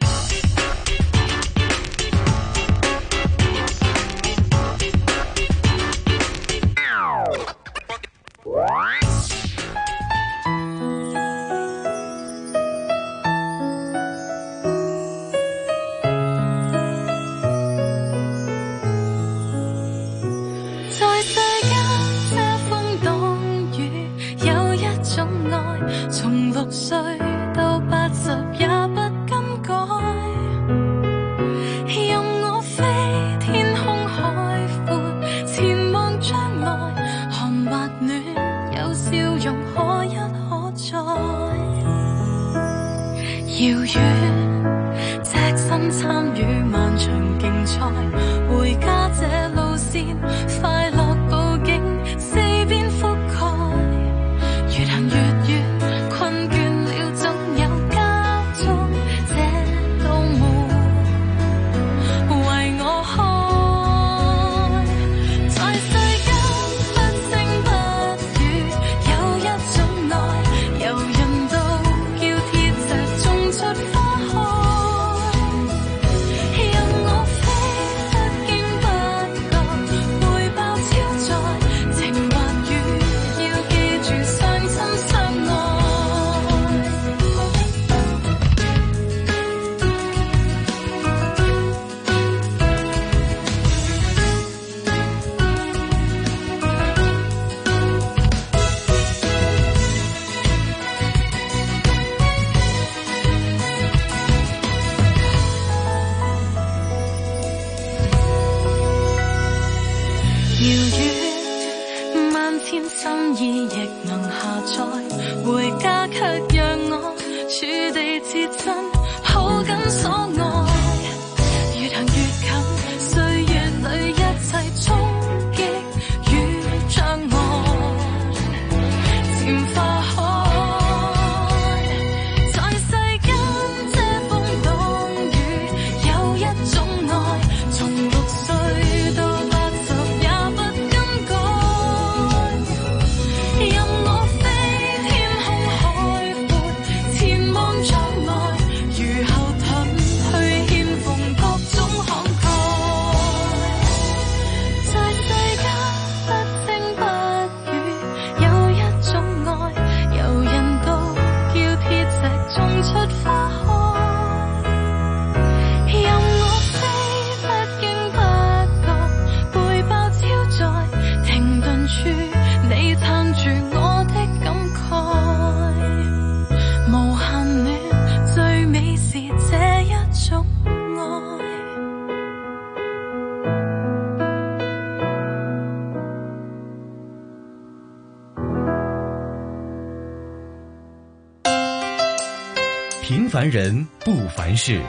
S11: 凡
S12: 人不凡事，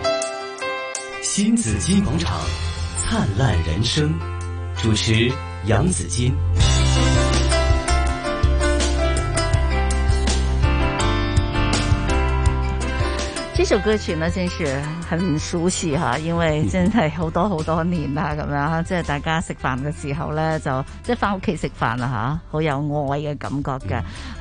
S3: 新紫荊廣場，燦
S12: 爛人生，主持楊子矜。
S1: 這首歌曲呢，真是很熟悉哈，因為真係好多好多年啦，咁、嗯、樣，即係大家食飯嘅時候咧，就即係翻屋企食飯啊，吓，好有愛嘅感覺嘅。嗯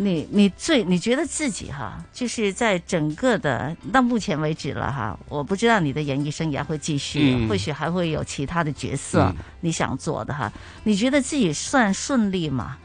S1: 你你最你覺得自己哈，就是在整個的到目前為止了哈，我不知道你的演藝生涯會繼續，嗯、或許還會有其他的角色你想做的哈、嗯，你覺得自己算順利嗎？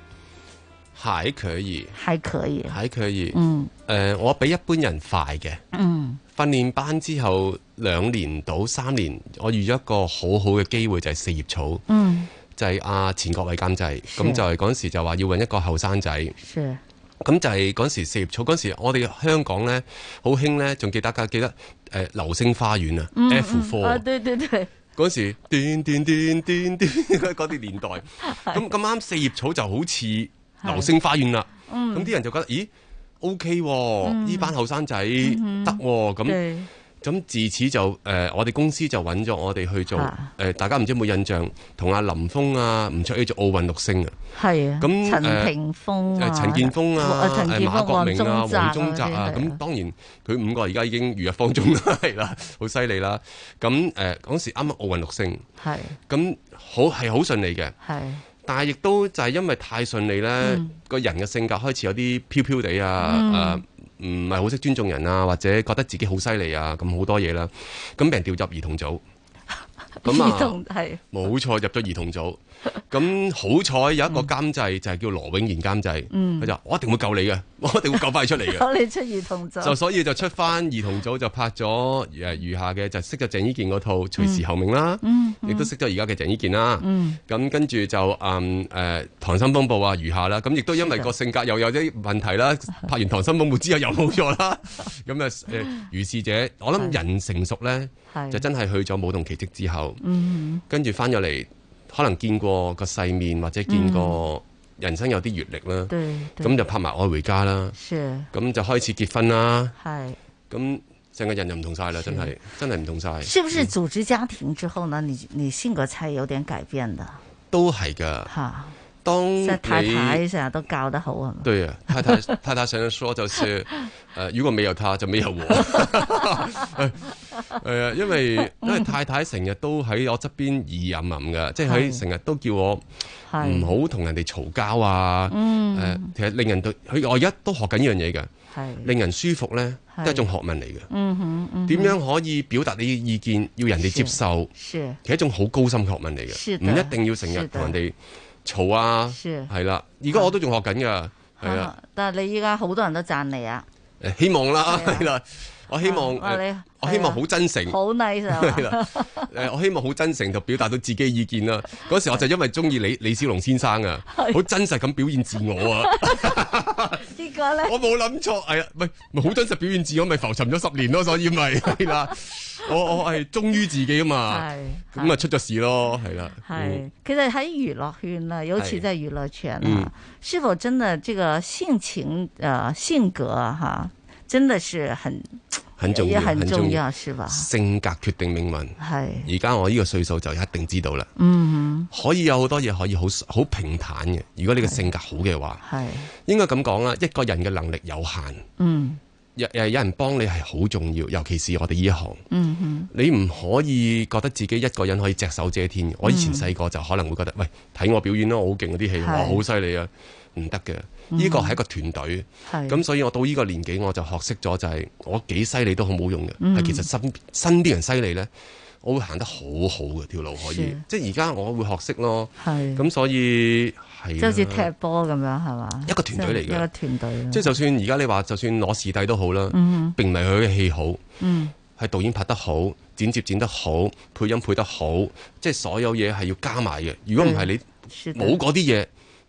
S2: 還可以，還可以，還可以。嗯，誒、呃，我比一般人快嘅。嗯，訓練班之後兩年到三年，我遇咗一個好好嘅機會就係、是、四葉草。嗯，就係阿錢國偉監製，咁就係嗰陣時就話要搵一個後生仔。是。咁就係嗰時四葉草，嗰時我哋香港咧好興咧，仲記得噶，記得誒流星花園啊，F4、嗯嗯、啊，對對對，嗰時，段段段段段嗰嗰啲年代，咁咁啱四葉草就好似流星花園啦，咁啲、嗯、人就覺得，咦，OK 喎、哦，呢、嗯、班後生仔得喎，咁、嗯。嗯那咁自此就誒，我哋公司就揾咗我哋去做誒，大家唔知有冇印象，同阿林峰啊、吳卓羲做奧運六星啊，
S1: 係啊，咁陳霆鋒、陳建鋒啊、馬國明啊、黃宗澤啊，咁
S2: 當然佢五個而家已經如日方中啦，係啦，好犀利啦。咁誒嗰時啱啱奧運六星，係咁好係好順利嘅，
S8: 係，
S2: 但係亦都就係因為太順利咧，個人嘅性格開始有啲飄飄地啊，誒。唔係好識尊重人啊，或者覺得自己好犀利啊，咁好多嘢啦。咁俾人調入兒童組，
S1: 咁 啊，係
S2: 冇錯，入咗兒童組。 咁好彩有一個監製、嗯、就係、是、叫羅永賢監製，佢、嗯、就話我一定會救你嘅，我一定會救翻你出嚟嘅。你
S8: 出兒童就所
S2: 以就出翻兒童組 就拍咗誒餘下嘅就識咗鄭伊健嗰套《隨時候命》啦、嗯，亦、嗯、都識咗而家嘅鄭伊健啦。咁跟住就誒誒《溏、嗯呃、心風暴》啊餘下啦，咁亦都因為個性格又有啲問題啦。拍完《溏心風暴》之後又冇咗啦，咁啊誒《如是者》，我諗人成熟咧就真係去咗《舞動奇蹟》之後，跟住翻咗嚟。可能見過個世面，或者見過人生有啲閲歷啦，咁、嗯、就拍埋愛回家啦，咁就開始結婚啦，咁成個人就唔同晒啦，真係真係唔同晒。
S1: 是不是組織家庭之後呢？嗯、你你性格才有點改變的？
S2: 都係噶。
S1: 當太太成日都教得好啊，
S2: 對啊，太太太太成日說就是，誒、呃，如果未有他就未有我，誒、 哎哎，因為因為太太成日都喺我側邊耳吟吟噶，即係佢成日都叫我唔好同人哋嘈交啊，誒、呃，其實令人對佢我而家都在學緊呢樣嘢嘅，令人舒服咧都係一種學問嚟嘅，嗯哼，
S8: 點樣
S2: 可以表達你意見要人哋接受，係，係一種好高深的學問嚟嘅，唔一定要成日同人哋。嘈啊，係啦，而家我都仲學緊㗎，係、嗯、啊、嗯，
S1: 但係你依家好多人都讚你啊，
S2: 誒，希望啦，係啦、啊。我希望我希望好真誠，好、啊、
S1: nice。
S2: 誒、啊，我希望好真誠就、哎 嗯、表達到自己嘅意見啦。嗰 時我就因為中意李李小龍先生啊，好 真實咁表現自我啊。 個呢個咧，我冇諗錯，係、哎、啊，唔係好真實表現自我，咪浮沉咗十年咯，所以咪係啦。我我係忠於自己啊嘛，咁 啊出咗事咯，係啦。係、
S1: 嗯、其實喺娛樂圈啊，好似真係娛樂場啊、嗯。是否真的這個性情誒、呃、性格哈？啊真的是很,很重要,很重要,很重要，
S2: 性格決定命運，係。而家我呢個歲數就一定知道啦。嗯可以有好多嘢可以好好平坦嘅。如果你個性格好嘅話，係。應該咁講啦，一個人嘅能力有限。嗯，有,有人幫你係好重要，尤其是我哋呢一行。嗯、你唔可以覺得自己一個人可以隻手遮天。我以前細個就可能會覺得，嗯、喂，睇我表演都好勁，嗰啲戲，我好犀利啊，唔得嘅。呢個係一個團隊，咁、嗯、所以我到呢個年紀我就學識咗，就係我幾犀利都好冇用嘅，係其實身身邊人犀利咧，我會行得好好嘅條路可以。是即係而家我會學識咯，咁是所以係即係好似踢
S1: 波咁樣係嘛？一個團隊嚟嘅，一個團隊。即係
S2: 就算而家你話，就算攞視帝都好啦，嗯、並唔係佢嘅戲好，係、嗯、導演拍得好、剪接剪得好、配音配得好，即係所有嘢係要加埋嘅。如果唔係你冇嗰啲嘢。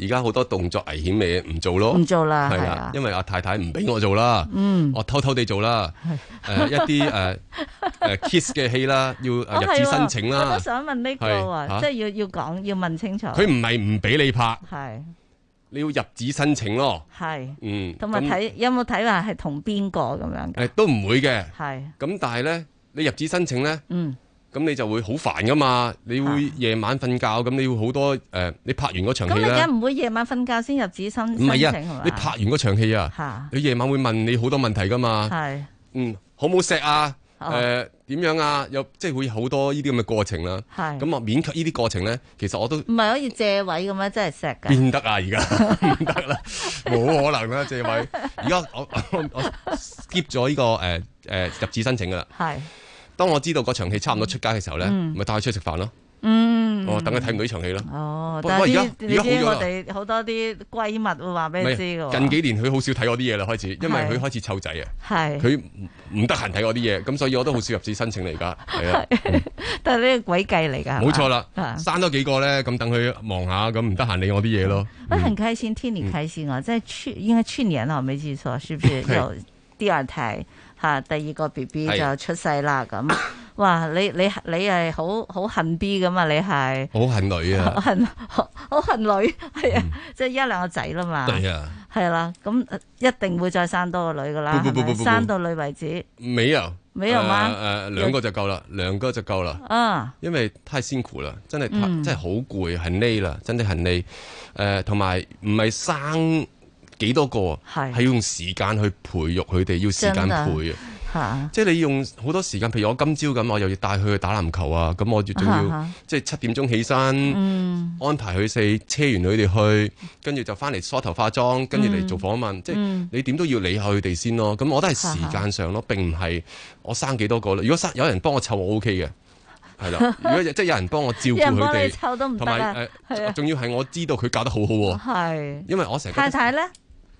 S2: 而家好多動作危險嘅嘢唔做咯，唔做啦，係啦、啊啊，因為阿太太唔俾我做啦，嗯，我偷偷地做啦，係誒、呃、一啲誒誒 kiss 嘅戲啦，要入資申請啦，哦啊、我想
S1: 問呢、這個啊，即係要要講要問清楚。佢唔
S2: 係唔俾你拍，係你要入紙申請咯，係，嗯，同埋睇
S1: 有冇睇話係同邊個咁樣
S2: 嘅，都唔會嘅，係，咁但係咧你入紙申請咧，嗯。咁你就會好煩噶嘛？你會夜晚瞓覺，咁你會好多誒、呃，你拍完嗰場戲啦，而家唔
S1: 會夜晚瞓覺先入紙申請唔係嘛？你拍完嗰場戲啊，
S2: 你夜晚會問你好多問題噶嘛？係，嗯，好唔好錫啊？誒、哦，點、呃、樣啊？又即係會好多呢啲咁嘅過程啦。咁啊，勉強呢啲過程咧，其實我都
S1: 唔係可以借位咁樣，真係錫噶，變得啊而家唔得
S2: 啦，冇 可能啦借位。而家我我我 skip 咗呢個誒誒、呃、入紙申請噶啦，係。當我知道嗰場戲差唔多出街嘅時候咧，咪帶佢出去食飯咯。嗯，我等佢睇唔到呢場戲咯。
S1: 哦，但係而家好我哋好多啲閨蜜會話俾你知近幾
S2: 年佢好少睇我啲嘢啦，開始，因為佢開始湊仔啊。係佢唔得閒睇我啲嘢，咁所以我都好少入去申請嚟，而係啊，嗯、
S1: 但係呢個鬼計嚟噶，冇錯啦。生多
S2: 幾個咧，咁等佢望下，咁唔得閒理我啲嘢咯。
S1: 行開心天年、嗯、開心我即係去，應該去年我沒記錯，是不是有第二胎？ 吓、啊，第二個 B B 就出世啦，咁哇，你你你係好好恨 B 噶嘛？你係
S2: 好恨女啊？
S1: 恨 好恨女係啊，即、嗯、係 一兩個仔啦嘛。係啊，係啦，咁一定會再生多個女噶啦，係、嗯、生到女為止。
S2: 未有？未有嗎？誒、呃，兩、呃、個就夠啦，兩、就是、個就夠啦、啊。因為太辛苦啦，真係真係好攰，恨你啦，真係恨你。誒，同埋唔係生。幾多個係，要用時間去培育佢哋，要時間陪啊，即係你用好多時間。譬如，我今朝咁，我又要帶佢去打籃球啊，咁、啊、我仲要即係七點鐘起身、啊嗯，安排佢四車完佢哋去，跟住就翻嚟梳頭化妝，跟住嚟做訪問。啊嗯、即係你點都要理下佢哋先咯。咁我都係時間上咯、啊啊啊，並唔係我生幾多個啦。如果生有人幫我湊，我 O K 嘅，係啦。如果即係有人幫我照顧佢哋，同埋、啊。仲、呃、要係我知道佢教得好好喎。因為我成太太咧。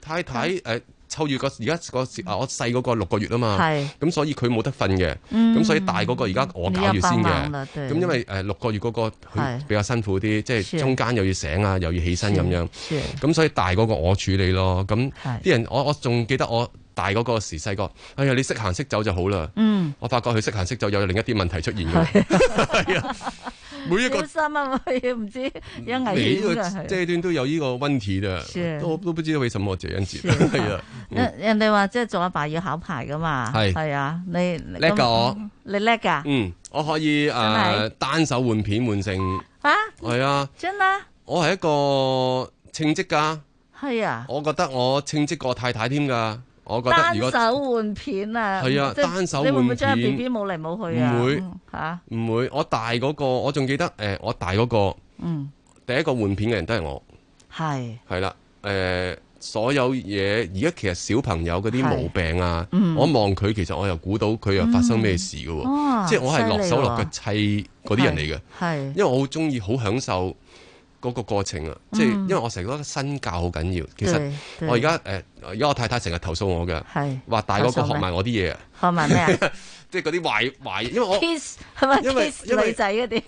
S2: 太太誒是、呃，秋月個而家個我細嗰個六個月啊嘛，咁是、嗯、所以佢冇得瞓嘅，咁、嗯、所以大嗰個而家我搞月先嘅，
S8: 咁、嗯、因為誒、
S2: 呃、六個月嗰個佢比較辛苦啲，是即係中間又要醒啊，是又要起身咁樣，咁、嗯、所以大嗰個我處理咯，咁啲是人我我仲記得我。大嗰個時細個，哎呀你識行識走就好啦。嗯，我發覺佢識行識走，走又有另一啲問題出現嘅。係、嗯、 啊，每一個
S1: 心啊，唔知有危險啊。呢個階
S2: 段都有呢個問題啦，我都，都不知道為什麼這樣子。係啊，嗯、
S1: 人哋話即係做阿爸，爸要考牌噶嘛。係係啊，你叻過我，你叻噶。
S2: 嗯，我可以誒、呃、單手換片換成
S1: 啊，係啊，真啊，
S2: 我係一個稱職噶，係啊，我覺得我稱職過太太添噶我覺得如果單手
S1: 換片啊！係啊，單手換片，你會唔會將 B B 冇嚟冇去啊？唔會吓，
S2: 唔會。我大嗰個，我仲記得誒，我大嗰個，嗯，第一個換片嘅人都係我，係係啦，誒，所有嘢而家其實小朋友嗰啲毛病啊，我望佢，其實我又估到佢又發生咩事噶，即係我係落手落腳砌嗰啲人嚟嘅，係，因為我好中意，好享受。嗰、那個過程啊，即係因為我成日覺得身教好緊要、嗯。其實我而家誒，而家我太太成日投訴我嘅，話大個個學埋我啲嘢啊。學埋咩啊？即係嗰啲壞壞，
S1: 因為我因為女仔嗰啲，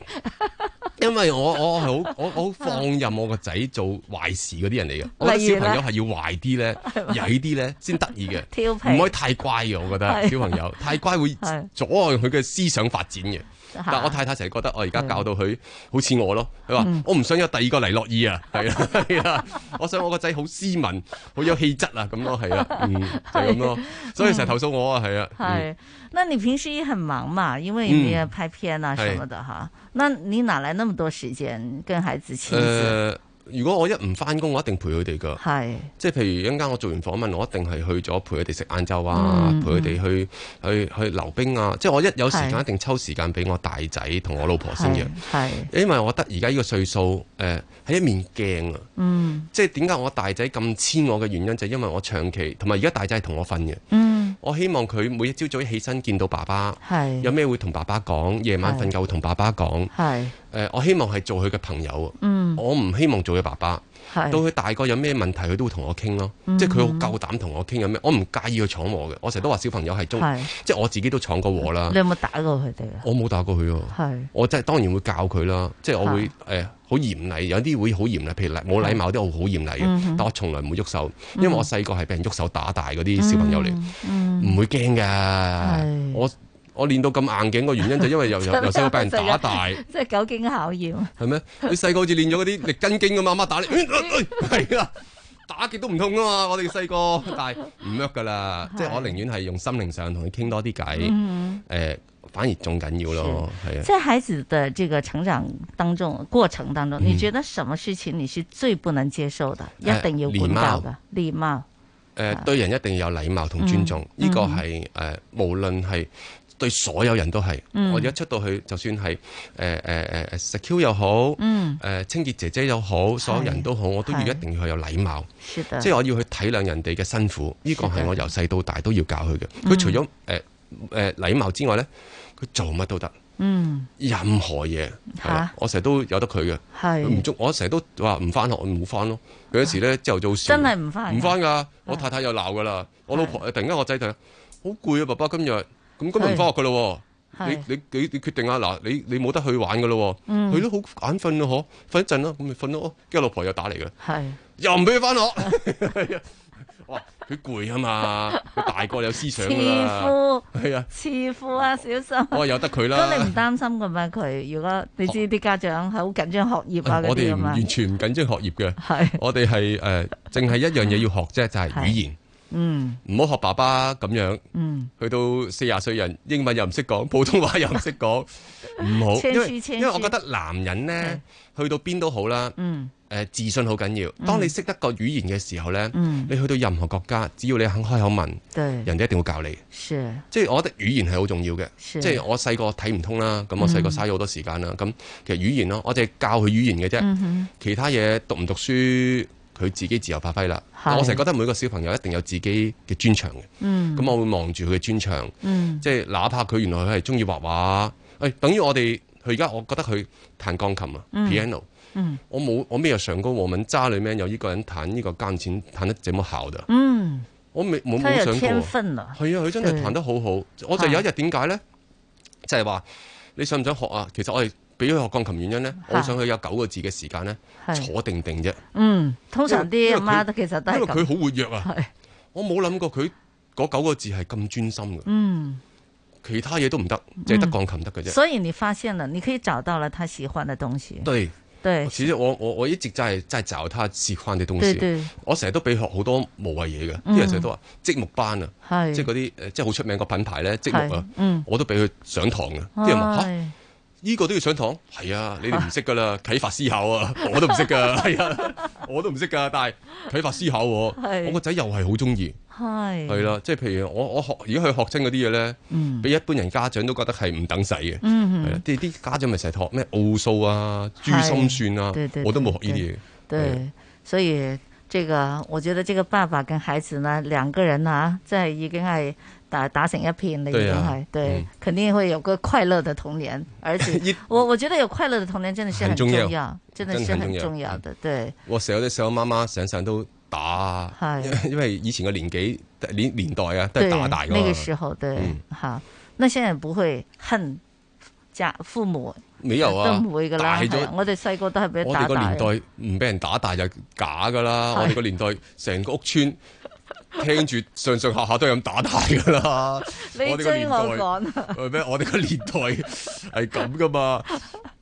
S1: 因為
S2: 我 peace, 因為因為因為我係好 我好放任我個仔做壞事嗰啲人嚟嘅。例如咧，小朋友係要壞啲咧，曳啲咧先得意嘅，唔可以太乖嘅。我覺得小朋友太乖會阻礙佢嘅思想發展嘅。但我太太成日覺得我而家教到佢好似我咯，佢話我唔想有第二個黎諾懿啊，係、嗯、啊， 我想我個仔好斯文，好有氣質啊，咁咯，係啊、嗯，就咁咯，所以成日投訴我啊，係、嗯、啊。係，
S1: 那你平時也很忙嘛，因為你拍片啊，什麼的吓、嗯，那你哪來那麼多時間跟孩子親子？呃
S2: 如果我一唔翻工，我一定陪佢哋噶。係是，即係譬如一陣間我做完訪問，我一定係去咗陪佢哋食晏晝啊，嗯、陪佢哋去去去溜冰啊。即係我一有時間，是一定抽時間俾我大仔同我老婆先嘅。係，因為我覺得而家呢個歲數，誒、呃，係一面鏡啊。嗯，即係點解我大仔咁黐我嘅原因，就係，因為我長期同埋而家大仔係同我瞓嘅。嗯。我希望佢每一朝早一起身，見到爸爸，
S9: 有
S2: 咩會同爸爸講；夜晚瞓覺會同爸爸講。
S8: 係
S2: 誒，我希望係做佢嘅朋友。嗯，我唔希望做佢爸爸。到佢大個有咩問題，佢都會同我傾咯。即係佢好夠膽同我傾有咩，我唔介意佢闖禍嘅。我成日都話小朋友係中，即係我自己都闖過禍啦。你有
S1: 冇打過佢哋啊？
S2: 我冇打過佢喎。我真係當然會教佢啦，即係我會誒。好嚴厲，有啲會好嚴厲，譬如冇禮貌啲我好嚴厲嘅、嗯，但我從來唔會喐手，因為我細個係俾人喐手打大嗰啲小朋友嚟，唔、嗯嗯、會驚噶。我我練到咁硬頸嘅原因就是因為又由由細俾人打大，
S1: 即係久經考驗。
S2: 係咩？你細個好似練咗嗰啲力筋經噶嘛，媽打你？係啊，打極都唔痛啊嘛。我哋細個但係唔喐噶啦，即係我寧願係用心靈上同佢傾多啲偈，誒、嗯。呃反而仲緊要咯，係啊！在孩
S1: 子的這個成長當中、過程當中，嗯、你覺得什麼事情你是最不能接受的？一定要有管教嘅禮貌。誒、
S2: 呃呃，對人一定要有禮貌同尊重，呢、嗯嗯這個係誒、呃，無論係對所有人都係、嗯。我一出到去，就算係誒誒誒 security 又好，嗯，誒、呃、清潔姐姐又好，所有人都好，我都要一定要有禮貌。即係、就是、我要去體諒人哋嘅辛苦，呢、這個係我由細到大都要教佢嘅。佢、嗯、除咗誒誒禮貌之外咧。佢做乜都得，嗯，任何嘢，係啦、啊，我成日都有得佢嘅，係，唔中，我成日都話唔翻學，唔好翻咯。佢有時咧，朝頭早就好真係唔翻，唔翻噶我太太又鬧噶啦，我老婆突然間，我仔突然好攰啊，爸爸今日，咁今日唔翻學噶咯，你你你你決定啊，嗱，你你冇得去玩噶咯，嗯，佢都好眼瞓咯，嗬、啊，瞓一陣咯，咁咪瞓咯，哦，跟住老婆又打嚟噶，係，又唔俾佢翻學。啊 佢攰啊嘛，佢大個有思想慈父啊，慈父係啊，
S1: 慈父啊，小心、啊！我係由得佢啦，如果你唔擔心噶嘛？佢如果你知啲、啊、家長好緊張學業啊，呃、我哋完
S2: 全唔緊張學業嘅，係是我哋係誒，淨、呃、係一樣嘢要學啫，是就係語言。嗯，唔好學爸爸咁樣。嗯，去到四十歲人，英文又唔識講，普通話又唔識講，唔好。因為我覺得男人呢，去到邊都好啦。嗯。誒，自信好緊要。嗯。當你識得個語言嘅時候呢，你去到任何國家，只要你肯開口問，人哋一定會教你。即係我覺得語言係好重要嘅。即係我細個睇唔通啦，咁我細個嘥咗好多時間啦。咁其實語言咯，我淨係教佢語言嘅啫。其他嘢讀唔讀書？佢自己自由發揮啦，我成日覺得每個小朋友一定有自己嘅專長嘅，咁我會望住佢嘅專長，即係哪怕佢原來佢係鍾意畫畫，誒、哎，等於我哋佢而家，我覺得佢彈鋼琴啊，piano，我冇我咩有上高和敏揸女 man 有呢個人彈呢個鋼琴彈得這麼巧嘅，我未冇冇上過，係、嗯、啊，佢、啊、真係彈得好好，是我就有一日點解咧，就係、是、話你想唔想學啊？其實我係。俾佢學鋼琴原因咧，我想佢有九個字嘅時間咧，坐定定啫。
S1: 嗯，通常啲阿媽都其實都係咁。因為佢好活躍啊。我冇諗
S2: 過佢嗰九個字係咁專心嘅。嗯，其他嘢都唔得，淨係得鋼琴得嘅啫。所以
S1: 你發現了，你可以找到了他喜歡嘅東西。對
S2: 對、對，始終我我我一直真係真係找他喜歡嘅東西的。我成日都俾學好多無謂嘢嘅，啲人成日都話積木班啊，即係嗰啲即係好出名個品牌咧，積木啊，我都俾佢上堂、嗯哎、啊。啲呢、這個都要上堂，係啊，你哋唔識噶啦，啟、啊、發思考啊，我都唔識噶，係 啊，我都唔識噶，但係啟發思考、啊， 我個仔又係好中意，
S8: 係，係啦、
S2: 啊，即係譬如我我學，如果佢學清嗰啲嘢咧，嗯，比一般人家長都覺得係唔等使嘅，係啲啲家長咪成日學咩奧數啊、珠心算啊，對對對對我都冇學呢啲嘢，對、對、
S1: 對、對、啊，所以這個我覺得這個爸爸跟孩子呢兩個人啊，即係已經係。打打成一片已小孩，對、啊對，嗯，肯定會有個快樂的童年，而且我我覺得有快樂的童年，真的是很重，很重要，真的是很重要的，的要對，
S2: 對。我成日都想媽媽，想想都打，因為以前個年紀年年代啊，都打大噶嘛。那個時候，對，
S1: 吓、嗯、那些人不會恨家父母，
S2: 沒有啊，都唔會噶啦。我哋細個
S1: 都係俾打大。我哋個年代
S2: 唔俾人打大就假噶啦，我哋個年代成個屋村。 聽住上上下下都係咁打大噶啦，我哋個年代，咩？我哋個年代係咁噶嘛？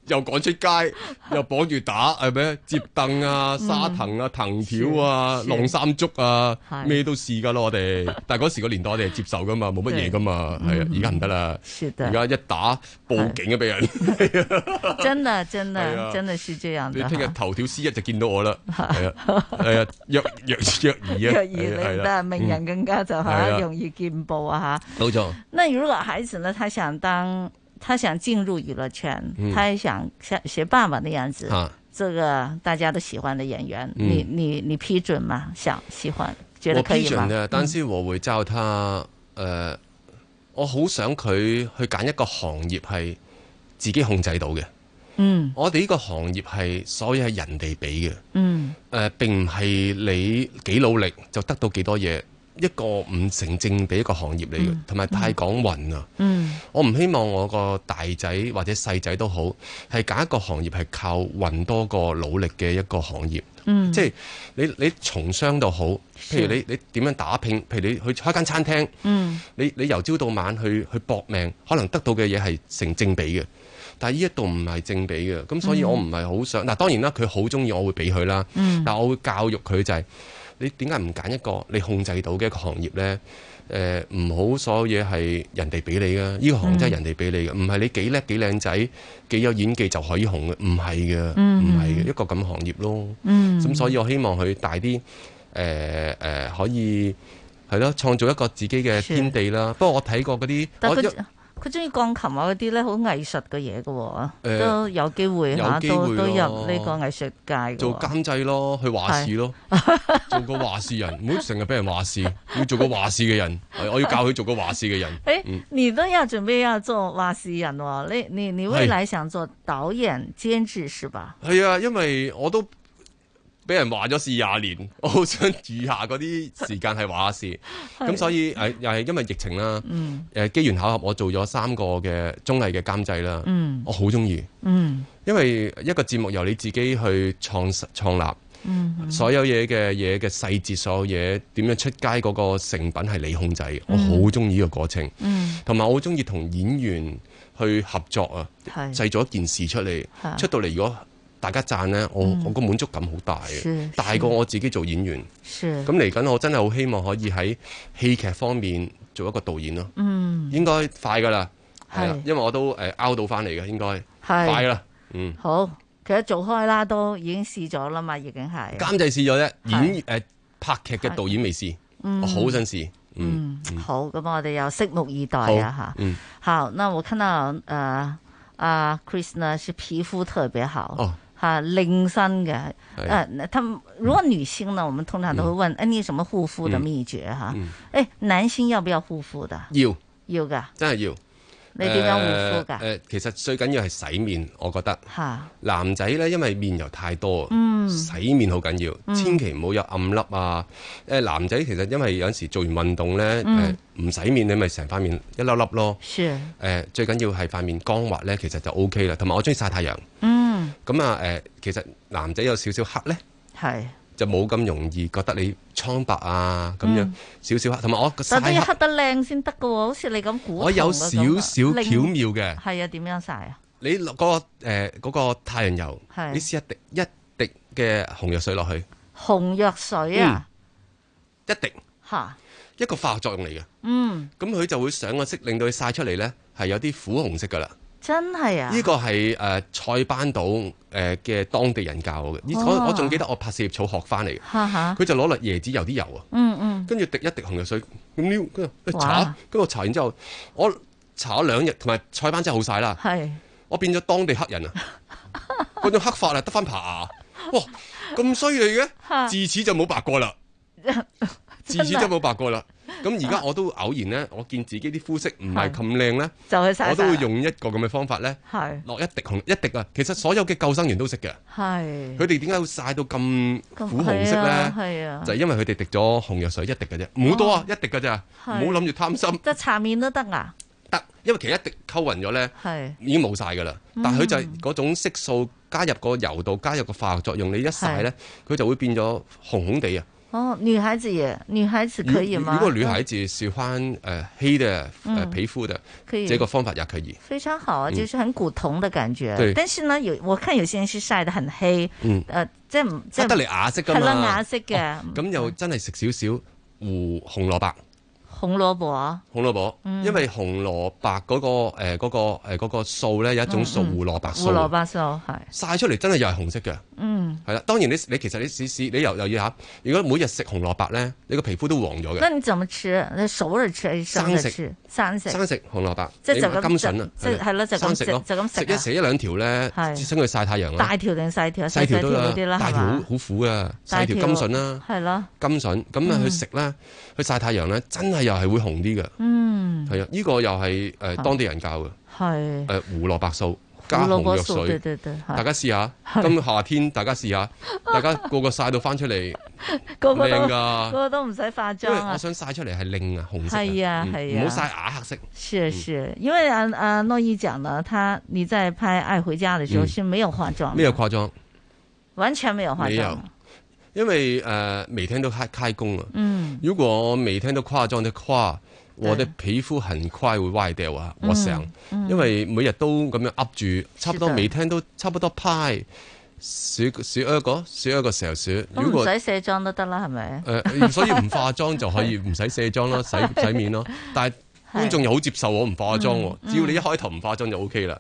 S2: 又趕出街，又綁住打，係咪？摺凳啊，沙藤啊，藤條啊，晾、嗯、衫竹啊，咩都試㗎咯，我哋。但係嗰時個年代我哋係接受㗎嘛，冇乜嘢㗎嘛，係啊。而家唔得啦，而、嗯、家一打報警啊，俾人。
S1: 真啊真啊，真係涉住人。你聽日
S2: 頭條 C 一就見到我啦，係啊，係啊，若若若而啊，若而你唔得，名人
S1: 更加就嚇、嗯啊、容易見報啊嚇。冇錯。那如果個孩子呢，他想當？.他想進入娛樂圈，嗯、他也想像學爸爸那樣子、啊，這個大家都喜歡的演員，嗯、你你你批准嗎？想喜歡，覺得可以嗎？我批准嘅，但係
S2: 我會教他，誒、嗯呃，我好想佢去揀一個行業係自己控制到嘅。嗯，我哋呢個行業係，所以係人哋俾嘅。嗯、誒、呃，並唔係你幾努力就得到幾多嘢。一個唔成正比，一個行業嚟嘅，同埋、嗯、太講運啊！嗯、我唔希望我個大仔或者細仔都好，係揀一個行業係靠運多過努力嘅一個行業。嗯、即係你你從商都好，譬如你你點樣打拼，譬如你去開間餐廳，
S8: 嗯、
S2: 你你由朝到晚去去搏命，可能得到嘅嘢係成正比嘅。但係呢一度唔係正比嘅，咁所以我唔係好想嗱。嗯、當然啦，佢好中意，我會俾佢啦。但係我會教育佢就係、是。你點解唔揀一個你控制到嘅一個行業呢？誒、呃，唔好所有嘢係人哋俾你嘅，呢、呢個行業真係人哋俾你嘅，唔係你幾叻幾靚仔幾有演技就可以紅嘅，唔係嘅，唔係、嗯、一個咁行業咯。咁、嗯、所以我希望佢大啲，誒、呃、誒、呃，可以係咯，創造一個自己嘅天地啦。不過我睇過嗰啲。
S1: 佢中意鋼琴啊嗰啲咧，好藝術嘅嘢嘅，都有機會吓，都都入呢個藝術界嘅做監
S2: 製咯，去話事咯， 做個話事人，唔好成日俾人話事， 要做個話事嘅人。 我要教佢做個話事嘅人。誒、欸
S1: 嗯，你都有準備要做話事人喎、哦？你你你未來想做導演、監製是吧？
S2: 係啊，因為我都。俾人話咗是廿年，我好想餘下嗰啲時間係話事。咁所以誒，又係、嗯因，嗯、因為疫情啦，誒機緣巧合，我做咗三個嘅綜藝嘅監製啦。我好中意，因為一個節目由你自己去創創立，所有嘢嘅嘢嘅細節，所有嘢點樣出街嗰個成品係你控制。我好中意呢個過程，同埋我好中意同演員去合作啊，製作一件事出嚟，出到嚟如果。大家讚咧、嗯，我我個滿足感好大嘅，大過我自己做演員。咁嚟緊，我真係好希望可以喺戲劇方面做一個導演咯、嗯。應該快噶啦，係啦，因為我都誒 out 到翻嚟嘅，應該快啦。嗯，
S1: 好，其實做開啦，都已經試咗啦嘛，已經係監製
S2: 試咗啫，演、呃、拍劇嘅導演未試，
S1: 好、嗯、想試嗯，嗯，嗯，好，咁我哋又拭目以待呀、啊、嚇。嗯，好，那我看到誒阿、呃啊、Chris 呢，是皮膚特別好。哦吓、啊，零散嘅，誒、啊啊，如果女性呢、嗯，我們通常都會問，誒、嗯啊，你什麼護膚的秘訣？吓、嗯，誒、嗯啊，男性要不要護膚的？要，要噶，真係要。呃、你點樣護膚噶？誒、
S2: 呃呃，其實最緊要係洗面，我覺得吓、啊。男仔呢，因為面油太多，嗯、洗面好緊要，嗯、千祈唔好有暗粒啊。誒、嗯，男仔其實因為有陣時候做完運動呢，唔、嗯呃、洗面你咪成塊面一粒粒咯。誒、呃，最緊要係塊面光滑呢，其實就 O K 啦。同埋我中意曬太陽。嗯咁啊，誒，其實男仔有少少黑咧，係就冇咁容易覺得你蒼白啊，咁樣少少黑，同埋我個曬都要黑得靚先得噶，好似你
S1: 咁古銅嘅咁。但係都要黑得靚先得噶，好似你咁古銅嘅咁。我有少少巧妙嘅，係啊，點樣曬啊？
S2: 你落嗰個誒嗰個太陽油，你試一滴一滴嘅紅藥水落去，
S1: 紅藥水啊，一滴吓，一
S2: 個化學作用嚟嘅，嗯，咁佢就會上個色，令到佢曬出嚟咧係有啲苦紅色噶啦。
S1: 真係啊！呢、呢個
S2: 係誒塞班島誒嘅、呃、當地人教我嘅、哦，我我仲記得我拍四葉草學翻嚟嘅。佢、哦啊、就攞嚟椰子油啲油啊，嗯嗯，跟住滴一滴紅藥水咁撩，跟住一搽，跟住搽完之後，我搽咗兩日，同埋塞班真係好晒啦。係，我變咗當地黑人啊！嗰 種黑髮啊，得翻爬牙，
S8: 哇，
S2: 咁犀利嘅！自此就冇白過啦，自此就冇白過啦。咁而家我都偶然咧，我見自己啲膚色唔係咁靚咧，我都會用一個咁嘅方法咧，落一滴紅一滴啊！其實所有嘅救生員都識嘅，
S1: 係佢
S2: 哋點解會晒到咁苦紅色咧？係啊，啊，就係因為佢哋滴咗紅藥水一滴㗎啫，唔好多啊，一滴㗎咋，唔好諗住貪心。
S1: 即係搽面都得啊？
S2: 得，因為其實一滴溝匀咗咧，係已經冇晒噶啦。但係佢就係嗰種色素加入個油度，加入個化學作用，你一晒咧，佢就會變咗紅紅地啊。
S1: 哦，女孩子也，女孩子可以嗎？如果女孩
S2: 子喜歡誒黑、嗯呃、的誒、呃、皮膚的，可、嗯、以，這個方法也可以。
S1: 非常好啊，就是很古銅的感覺、嗯。對，但是呢，有我看有些人是曬得很黑，誒、嗯，即係唔即係得嚟啞色噶嘛，係啦，啞色嘅。
S2: 咁又真係食少少胡紅蘿蔔。嗯紅蘿蔔啊，紅蘿蔔，因為紅蘿蔔嗰個誒、呃嗰個誒、呃嗰個素咧，有一種素胡蘿蔔素，胡蘿蔔素係曬出嚟真係又係紅色嘅，嗯，係啦、嗯。當然你你其實你試試，你又又要吓。如果每日食紅蘿蔔咧，你個皮膚都黃咗嘅。咁
S1: 你怎麼食？你熟嘅食，生食，生食，生食
S2: 紅蘿蔔，即係就金筍啊，係咯，就咁食咯，就咁食啊，食一食一兩條咧，想佢曬太陽啊。大
S1: 條定細條？細條多啲啦，大條
S2: 好苦嘅，細條金筍啦、啊，係咯，金筍咁啊去食啦，去曬太陽咧，真係。又係會紅啲嘅，係、嗯、啊！呢、這個又係誒、呃、當地人教嘅，係誒、呃、胡蘿蔔素加紅藥水對對對，大家試下。今個夏天大家試下，大家個個曬到翻出嚟，
S1: 靚噶，個個都唔使化妝、啊。我想曬
S2: 出嚟係靚啊，紅色。係啊係啊，唔好曬啞黑色。
S1: 是、啊、是、啊嗯是啊，因為阿、啊、阿、啊、諾懿講啦，他你在拍《愛回家》嘅時候是沒有化妝。咩、嗯、叫化妝？完全沒有化妝。
S2: 因為誒，每天都開開工啊，嗯。如果我每天都化妝，都誇，我的皮膚很快會壞掉啊。我想、嗯嗯，因為每日都咁樣握住，差唔多每天都差不多拍，少選一個，少一個時候，如果唔使
S1: 卸妝都得啦，係咪？誒、呃，所以唔
S2: 化妝就可以唔使卸妝啦， 洗洗面咯。但係。觀眾又好接受我唔化妝、哦嗯嗯，只要你一開頭唔化妝就 O K 啦。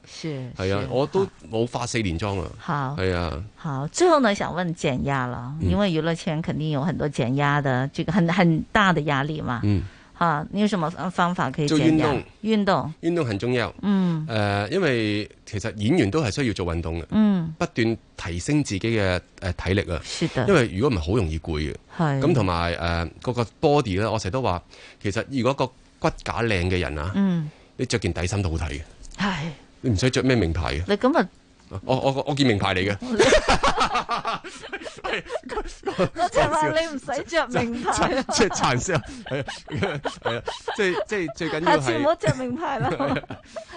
S1: 係啊，我
S2: 都冇化四年妝啊。係啊，
S1: 好，最後呢，想問減壓啦，因為娛樂圈肯定有很多減壓的，這個很很大的壓力嘛、嗯。
S2: 好，
S1: 你有什麼方法可以減壓？做運動，運動，
S2: 運動很重要。嗯、呃，因為其實演員都係需要做運動嘅、嗯。不斷提升自己嘅誒體力啊。是的，因為如果唔係好容易攰嘅。咁同埋誒嗰個 body 咧，我成日都話，其實如果個。骨架靚嘅人啊，嗯，你着件底衫都好睇
S1: 嘅，
S2: 係，你唔使着咩名牌嘅、啊，你咁，我我我見名牌嚟嘅。
S1: 我就話你唔使着名牌，即係殘笑，
S2: 啊，即係即係最緊要係唔好着
S1: 名牌啦，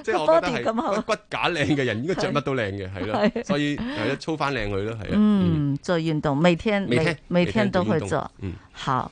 S1: 即係多啲咁係骨
S2: 架靚嘅人應該着乜都靚嘅，係咯，所以係操翻靚女咯，係啊、嗯，
S1: 嗯，做運動，每天未每天未每天都做，嗯，好。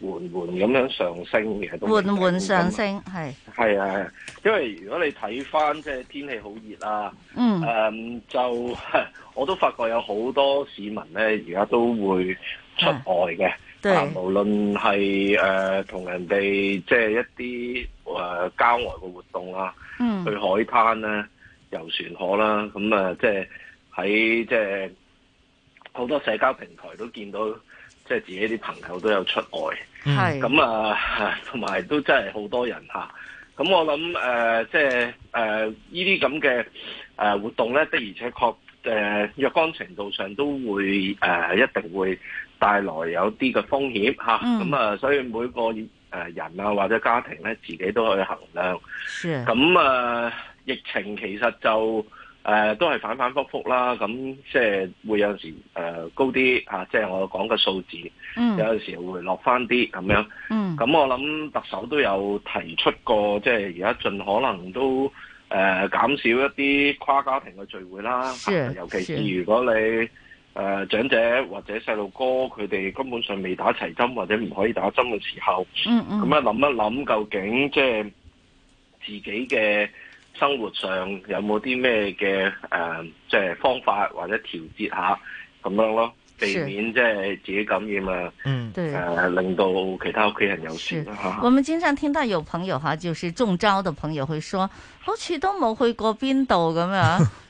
S6: 緩緩咁樣上
S1: 升嘅，都到的緩緩上升，係係啊，
S6: 因為如果你睇翻即係天氣好熱啦、啊、嗯、嗯，就我都發覺有好多市民咧，而家都會出外嘅、啊，無論係誒同人哋即係一啲誒、呃、郊外嘅活動啦、啊嗯，
S8: 去海
S6: 灘啦，遊船河啦，咁、嗯、啊，即係喺即係好多社交平台都見到，即係自己啲朋友都有出外。係咁、嗯、啊，同埋都真係好多人吓，咁、啊、我諗誒、啊，即係誒，呢啲咁嘅誒活動咧，的而且確誒、啊，若干程度上都會誒、啊，一定會帶來有啲嘅風險吓，咁啊、嗯、啊，所以每個誒人啊或者家庭咧，自己都去衡量。
S8: 咁啊，
S6: 疫情其實就。誒、呃，都係反反覆覆啦，咁，即係會有時誒、呃、高啲，即係我講嘅數字，嗯、有陣時候會落翻啲咁樣。咁、嗯、我諗特首都有提出過，即係而家盡可能都誒減、呃、少一啲跨家庭嘅聚會啦、啊，尤其是如果你誒、呃、長者或者細路哥佢哋根本上未打齊針或者唔可以打針嘅時候，咁啊諗一諗究竟即係、就是、自己嘅。生活上有冇啲咩嘅誒，即、呃、係、就是、方法或者調節下咁樣咯，避免即係自己感染啊。嗯、呃，對，令到其他屋企人有事。我
S1: 們經常聽到有朋友嚇，就是中招的朋友會說，好似都冇去過邊度咁樣。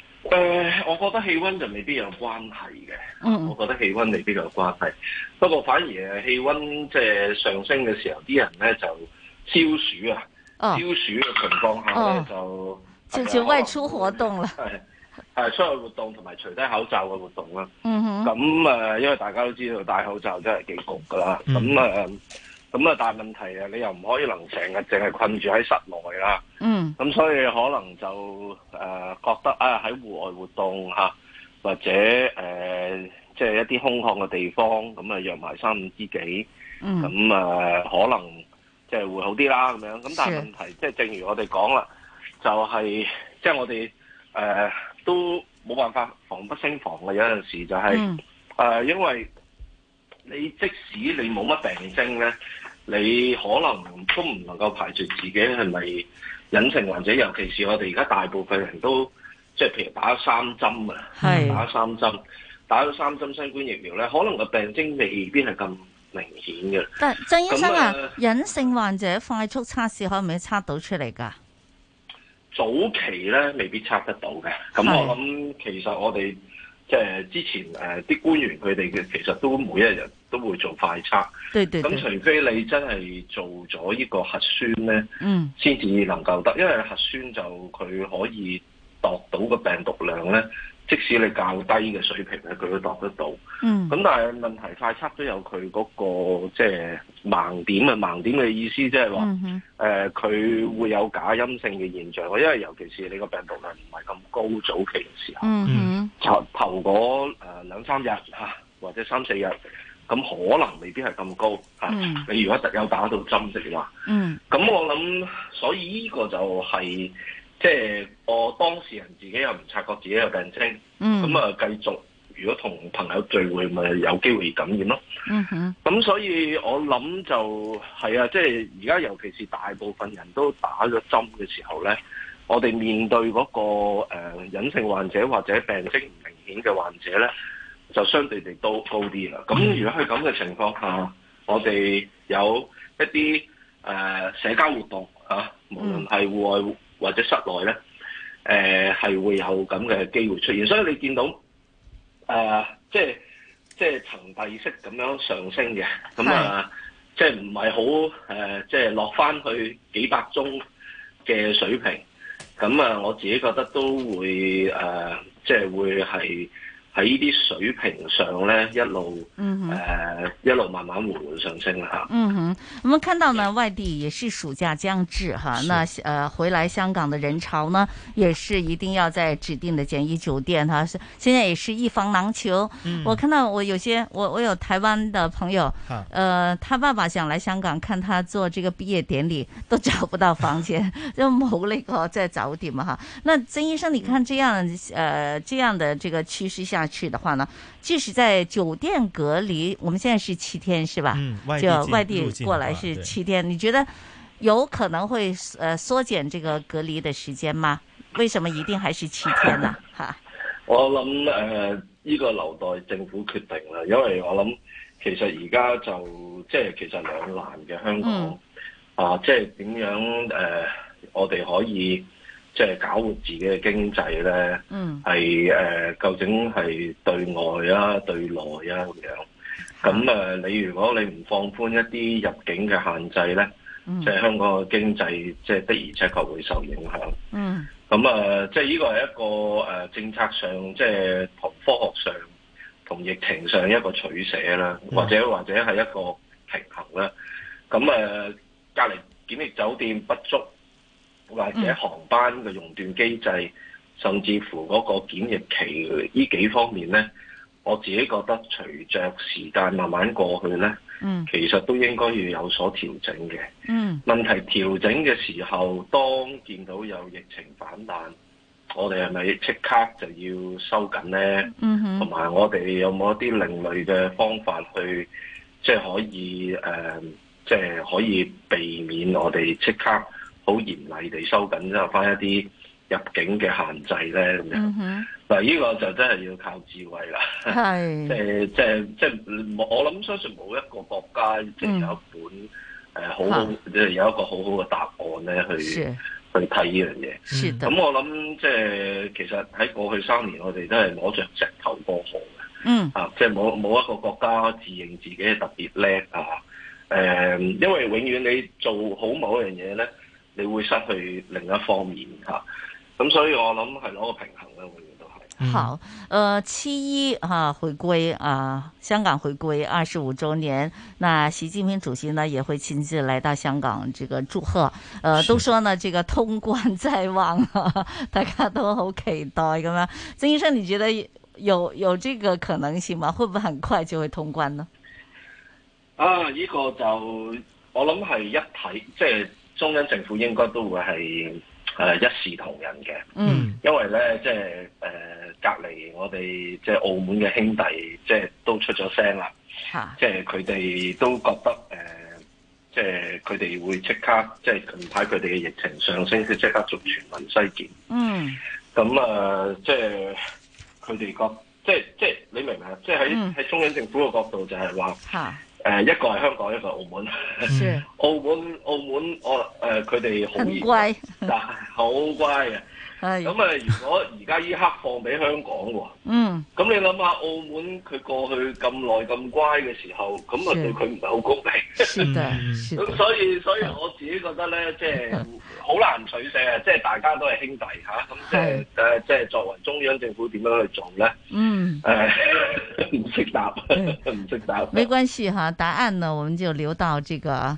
S6: 誒、呃，我覺得氣溫就未必有關係嘅。嗯，我覺得氣溫未必有關係。嗯、不過反而誒，氣溫即係上升嘅時候，啲人咧就消暑啊，消、哦、暑嘅情況下咧、哦、
S1: 就就就外出活動啦。
S6: 係係出去活動同埋除低口罩嘅活動啦。嗯哼咁、呃、因為大家都知道戴口罩真係幾焗噶啦。咁、嗯、啊。咁啊！但問題啊，你又唔可以能成日淨係困住喺室內啦。
S8: 嗯。咁
S6: 所以可能就誒覺得啊，喺戶外活動嚇，或者誒即係一啲空曠嘅地方，咁啊約埋三五知己。
S8: 咁、嗯、
S6: 啊，可能即係會好啲啦。咁樣。咁但係問題，即係、就是、正如我哋講啦，就係即係我哋誒、呃、都冇辦法防不勝防嘅。有陣時就係、是、誒、嗯呃，因為你即使你冇乜病徵咧。嗯你可能都唔能夠排除自己係咪隱性患者，尤其是我哋而家大部分人都即係，譬如打咗三針啊，打咗三針，打咗三針新冠疫苗咧，可能個病徵未必係咁明顯嘅。
S1: 但係，曾醫生啊，隱性患者快速測試可唔可以測到出嚟㗎？
S6: 早期咧，未必測得到嘅。咁我諗，其實我哋。即係之前誒啲官員佢哋嘅其實都每一日都會做快測，對對對，咁除非你真係做咗呢個核酸咧，嗯、先至能夠得，因為核酸就佢可以度到個病毒量咧。即使你較低嘅水平咧，佢都度得到。嗯，咁但係問題快測都有佢嗰、那個即係、就是、盲點啊！盲點嘅意思即係話，誒、嗯、佢、呃、會有假陰性嘅現象。因為尤其是你個病毒量唔係咁高，早期嘅時候，嗯嗯，頭頭嗰兩三日嚇，或者三四日，咁可能未必係咁高嚇、嗯啊。你如果特有打到針嘅話，嗯，咁我諗，所以呢個就係、是。即係我當事人自己又唔察覺自己有病徵，咁、嗯、啊繼續如果同朋友聚會，咪有機會感染咯。咁、嗯、所以我諗就係啊，即係而家尤其是大部分人都打咗針嘅時候呢，我哋面對嗰、嗰個誒、呃、隱性患者或者病徵唔明顯嘅患者呢，就相對地都高啲啦。咁如果係咁嘅情況下，我哋有一啲誒、呃、社交活動啊，無論係戶外。嗯或者室內咧，誒、呃、係會有咁嘅機會出現，所以你見到誒、呃、即係即係層遞式咁樣上升嘅，咁啊即係唔係好誒，即係落翻去幾百宗嘅水平，咁啊我自己覺得都會誒、呃，即係會係。喺呢啲水平上呢，一路誒、嗯呃，一路慢慢緩緩上升啦，嗯
S1: 哼，我們看到呢，外地也是暑假將至哈，那呃，回來香港的人潮呢，也是一定要在指定的檢疫酒店哈。現在也是一房難求，嗯。我看到我有些我我有台灣的朋友，嗯，呃，他爸爸想來香港看他做這個畢業典禮，都找不到房間， 就謀了一個在找點嘛哈。那曾醫生，你看這樣呃，這樣的這個趨勢下，下去的話呢，即使在酒店隔離，我們現在是七天是吧？嗯，就外地過來是七天。嗯，你覺得有可能會呃縮減這個隔離的時間嗎？為什麼一定還是七天呢？吓，
S6: 我諗誒，呃，呢個留待政府決定啦。因為我諗其實而家就即係其實兩難嘅香港，嗯，啊，即係點樣誒，呃，我哋可以。即、就、係、是、搞活自己嘅經濟咧，係、嗯、誒、呃、究竟係對外啊、對內啊咁樣。咁誒、呃，你如果你唔放寬一啲入境嘅限制咧，
S8: 即、嗯、係、就是、香
S6: 港嘅經濟，即、就、係、是、的而且確會受影響。咁、嗯、誒，即係呢個係一個誒政策上，即係同科學上、同疫情上一個取捨啦、嗯，或者或者係一個平衡啦。咁誒、呃，隔離檢疫酒店不足。或者航班嘅熔斷機制，甚至乎嗰個檢疫期呢幾方面呢，我自己覺得隨着時間慢慢過去呢，其實都應該要有所調整嘅。問題，調整嘅時候，當見到有疫情反彈，我哋係咪即刻就要收緊呢？
S8: 同埋我
S6: 哋有冇一啲另類嘅方法去，即係可以，誒，即係可以避免我哋即刻。好嚴厲地收緊咗翻一啲入境嘅限制咧咁樣，呢、mm -hmm. 個就真係要靠智慧啦，即係即係即係，我諗相信冇一個國家即有本誒、嗯呃、好好即係有一個好好嘅答案咧去去睇呢樣嘢。咁、嗯嗯、我諗即係其實喺過去三年，我哋都係攞着石頭過河嘅、嗯，啊，即係冇冇一個國家自認自己特別叻啊、呃，因為永遠你做好某一樣嘢咧。你會失去另一方面吓，咁所以我諗係攞個平衡咧，我
S1: 都係好誒，七、呃、一、啊、回歸啊，香港回歸二十五周年，那習近平主席呢也會親自來到香港，這個祝賀。誒、呃，都說呢，這個通關在望，大家都好期待咁樣。曾醫生，你覺得有有這個可能性嗎？會唔會很快就會通關呢？啊，呢、
S6: 這個就我諗係一體，即係。中央政府應該都會係誒一視同仁嘅，
S8: 嗯，
S6: 因為咧即係誒隔離我哋即係澳門嘅兄弟，即係都出咗聲啦，即係佢哋都覺得誒，即係佢哋會即刻，即係近排佢哋嘅疫情上升，佢即刻做全民西檢。嗯，咁啊，即係佢哋個，即係即係你明唔明啊？即係喺喺中央政府嘅角度就係話。誒一個係香港，一個係澳，澳門。
S1: 澳
S6: 門澳門我誒佢哋好
S1: 乖，但
S6: 係好乖嘅。咁誒，如果而家依刻放俾香港喎，咁、嗯、你諗下澳門佢過去咁耐咁乖嘅時候，咁啊對佢唔係好公平。咁所以所以我自己覺得咧，即係好難取捨啊！即 係大家都係兄弟吓，咁即係誒，即係、啊即係、作為中央政府點樣去做咧？嗯，誒，唔識答，唔識 答，沒關
S1: 係哈，答案呢，我們就留到這個。